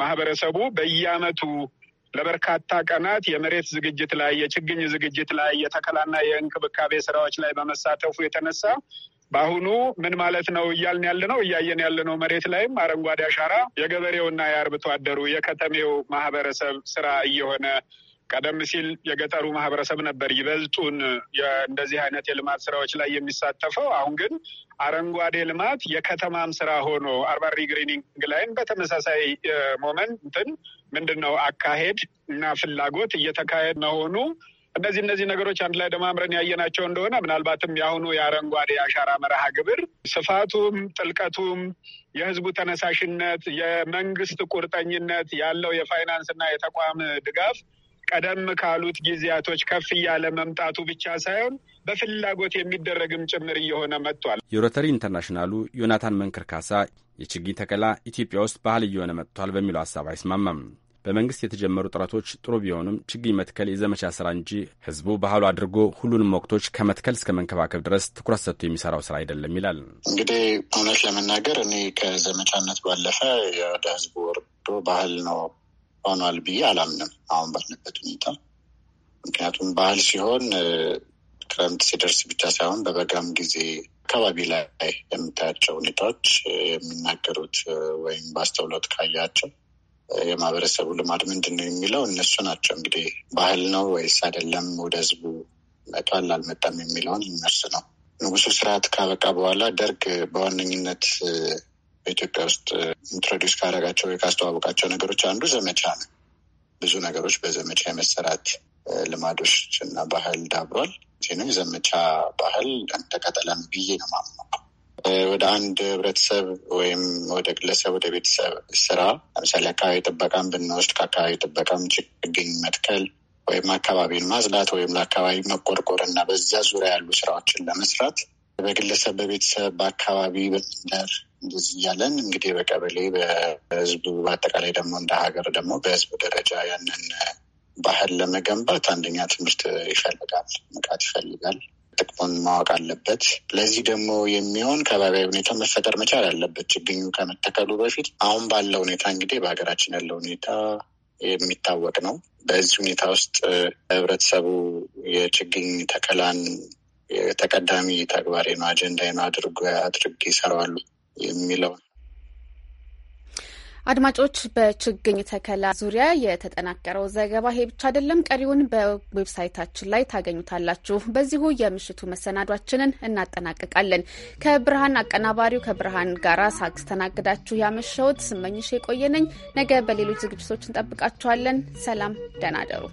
ማህበረሰቡ በየአመቱ ለበርካታ ቀናት የመሬት ዝግጅት ላይ፣ የችግኝ ዝግጅት ላይ፣ የተከላና የእንክብካቤ ስራዎች ላይ በመሳተፉ የተነሳ በአሁኑ ምን ማለት ነው እያልን ያለ ነው እያየን ያለ ነው። መሬት ላይም አረንጓዴ አሻራ የገበሬውና የአርብቶ አደሩ የከተሜው ማህበረሰብ ስራ እየሆነ ቀደም ሲል የገጠሩ ማህበረሰብ ነበር ይበልጡን እንደዚህ አይነት የልማት ስራዎች ላይ የሚሳተፈው። አሁን ግን አረንጓዴ ልማት የከተማም ስራ ሆኖ አርባሪ ግሪኒንግ ላይም በተመሳሳይ ሞመንትን ምንድን ነው አካሄድ እና ፍላጎት እየተካሄድ መሆኑ እነዚህ እነዚህ ነገሮች አንድ ላይ ደማምረን ያየናቸው እንደሆነ ምናልባትም የአሁኑ የአረንጓዴ አሻራ መርሃ ግብር ስፋቱም ጥልቀቱም የህዝቡ ተነሳሽነት፣ የመንግስት ቁርጠኝነት ያለው የፋይናንስና የተቋም ድጋፍ ቀደም ካሉት ጊዜያቶች ከፍ እያለ መምጣቱ ብቻ ሳይሆን በፍላጎት የሚደረግም ጭምር እየሆነ መጥቷል። የሮተሪ ኢንተርናሽናሉ ዮናታን መንክርካሳ የችግኝ ተከላ ኢትዮጵያ ውስጥ ባህል እየሆነ መጥቷል በሚለው ሀሳብ አይስማማም። በመንግሥት የተጀመሩ ጥረቶች ጥሩ ቢሆኑም ችግኝ መትከል የዘመቻ ሥራ እንጂ ሕዝቡ ባህሉ አድርጎ ሁሉንም ወቅቶች ከመትከል እስከ መንከባከብ ድረስ ትኩረት ሰጥቶ የሚሠራው ሥራ አይደለም ይላል። እንግዲህ እውነት ለመናገር እኔ ከዘመቻነት ባለፈ ወደ ህዝቡ ወርዶ ባህል ነው ሆኗል ብዬ አላምንም አሁን ባለበት ሁኔታ። ምክንያቱም ባህል ሲሆን ክረምት ሲደርስ ብቻ ሳይሆን በበጋም ጊዜ አካባቢ ላይ የምታያቸው ሁኔታዎች የሚናገሩት ወይም በአስተውሎት ካያቸው የማህበረሰቡ ልማድ ምንድን ነው የሚለው እነሱ ናቸው። እንግዲህ ባህል ነው ወይስ አይደለም፣ ወደ ህዝቡ መቷል አልመጣም የሚለውን እነሱ ነው። ንጉሱ ስርዓት ካበቃ በኋላ ደርግ በዋነኝነት በኢትዮጵያ ውስጥ ኢንትሮዲስ ካረጋቸው ወይ ካስተዋወቃቸው ነገሮች አንዱ ዘመቻ ነው። ብዙ ነገሮች በዘመቻ የመሰራት ልማዶች እና ባህል ዳብሯል። ችንም የዘመቻ ባህል እንደቀጠለን ብዬ ነው ማምነው። ወደ አንድ ህብረተሰብ ወይም ወደ ግለሰብ ወደ ቤተሰብ ስራ ለምሳሌ አካባቢ ጥበቃን ብንወስድ ከአካባቢ ጥበቃም ችግኝ መትከል ወይም አካባቢን ማጽዳት ወይም ለአካባቢ መቆርቆር እና በዛ ዙሪያ ያሉ ስራዎችን ለመስራት በግለሰብ፣ በቤተሰብ፣ በአካባቢ፣ በመንደር እንደዚህ እያለን እንግዲህ በቀበሌ በህዝቡ በአጠቃላይ ደግሞ እንደ ሀገር ደግሞ በህዝቡ ደረጃ ያንን ባህል ለመገንባት አንደኛ ትምህርት ይፈልጋል፣ ንቃት ይፈልጋል። ጥቅሙን ማወቅ አለበት። ለዚህ ደግሞ የሚሆን ከባቢያዊ ሁኔታ መፈጠር መቻል አለበት። ችግኙ ከመተከሉ በፊት አሁን ባለው ሁኔታ እንግዲህ በሀገራችን ያለው ሁኔታ የሚታወቅ ነው። በዚህ ሁኔታ ውስጥ ህብረተሰቡ የችግኝ ተከላን ተቀዳሚ ተግባር ነው አጀንዳ ነው አድርጎ አድርግ ይሰራዋሉ የሚለውን አድማጮች በችግኝ ተከላ ዙሪያ የተጠናቀረው ዘገባ ይሄ ብቻ አይደለም። ቀሪውን በዌብሳይታችን ላይ ታገኙታላችሁ። በዚሁ የምሽቱ መሰናዷችንን እናጠናቅቃለን። ከብርሃን አቀናባሪው ከብርሃን ጋር ሳስተናግዳችሁ ያመሸሁት ስመኝሽ ነኝ። ነገ በሌሎች ዝግጅቶች እንጠብቃችኋለን። ሰላም፣ ደህና ደሩ።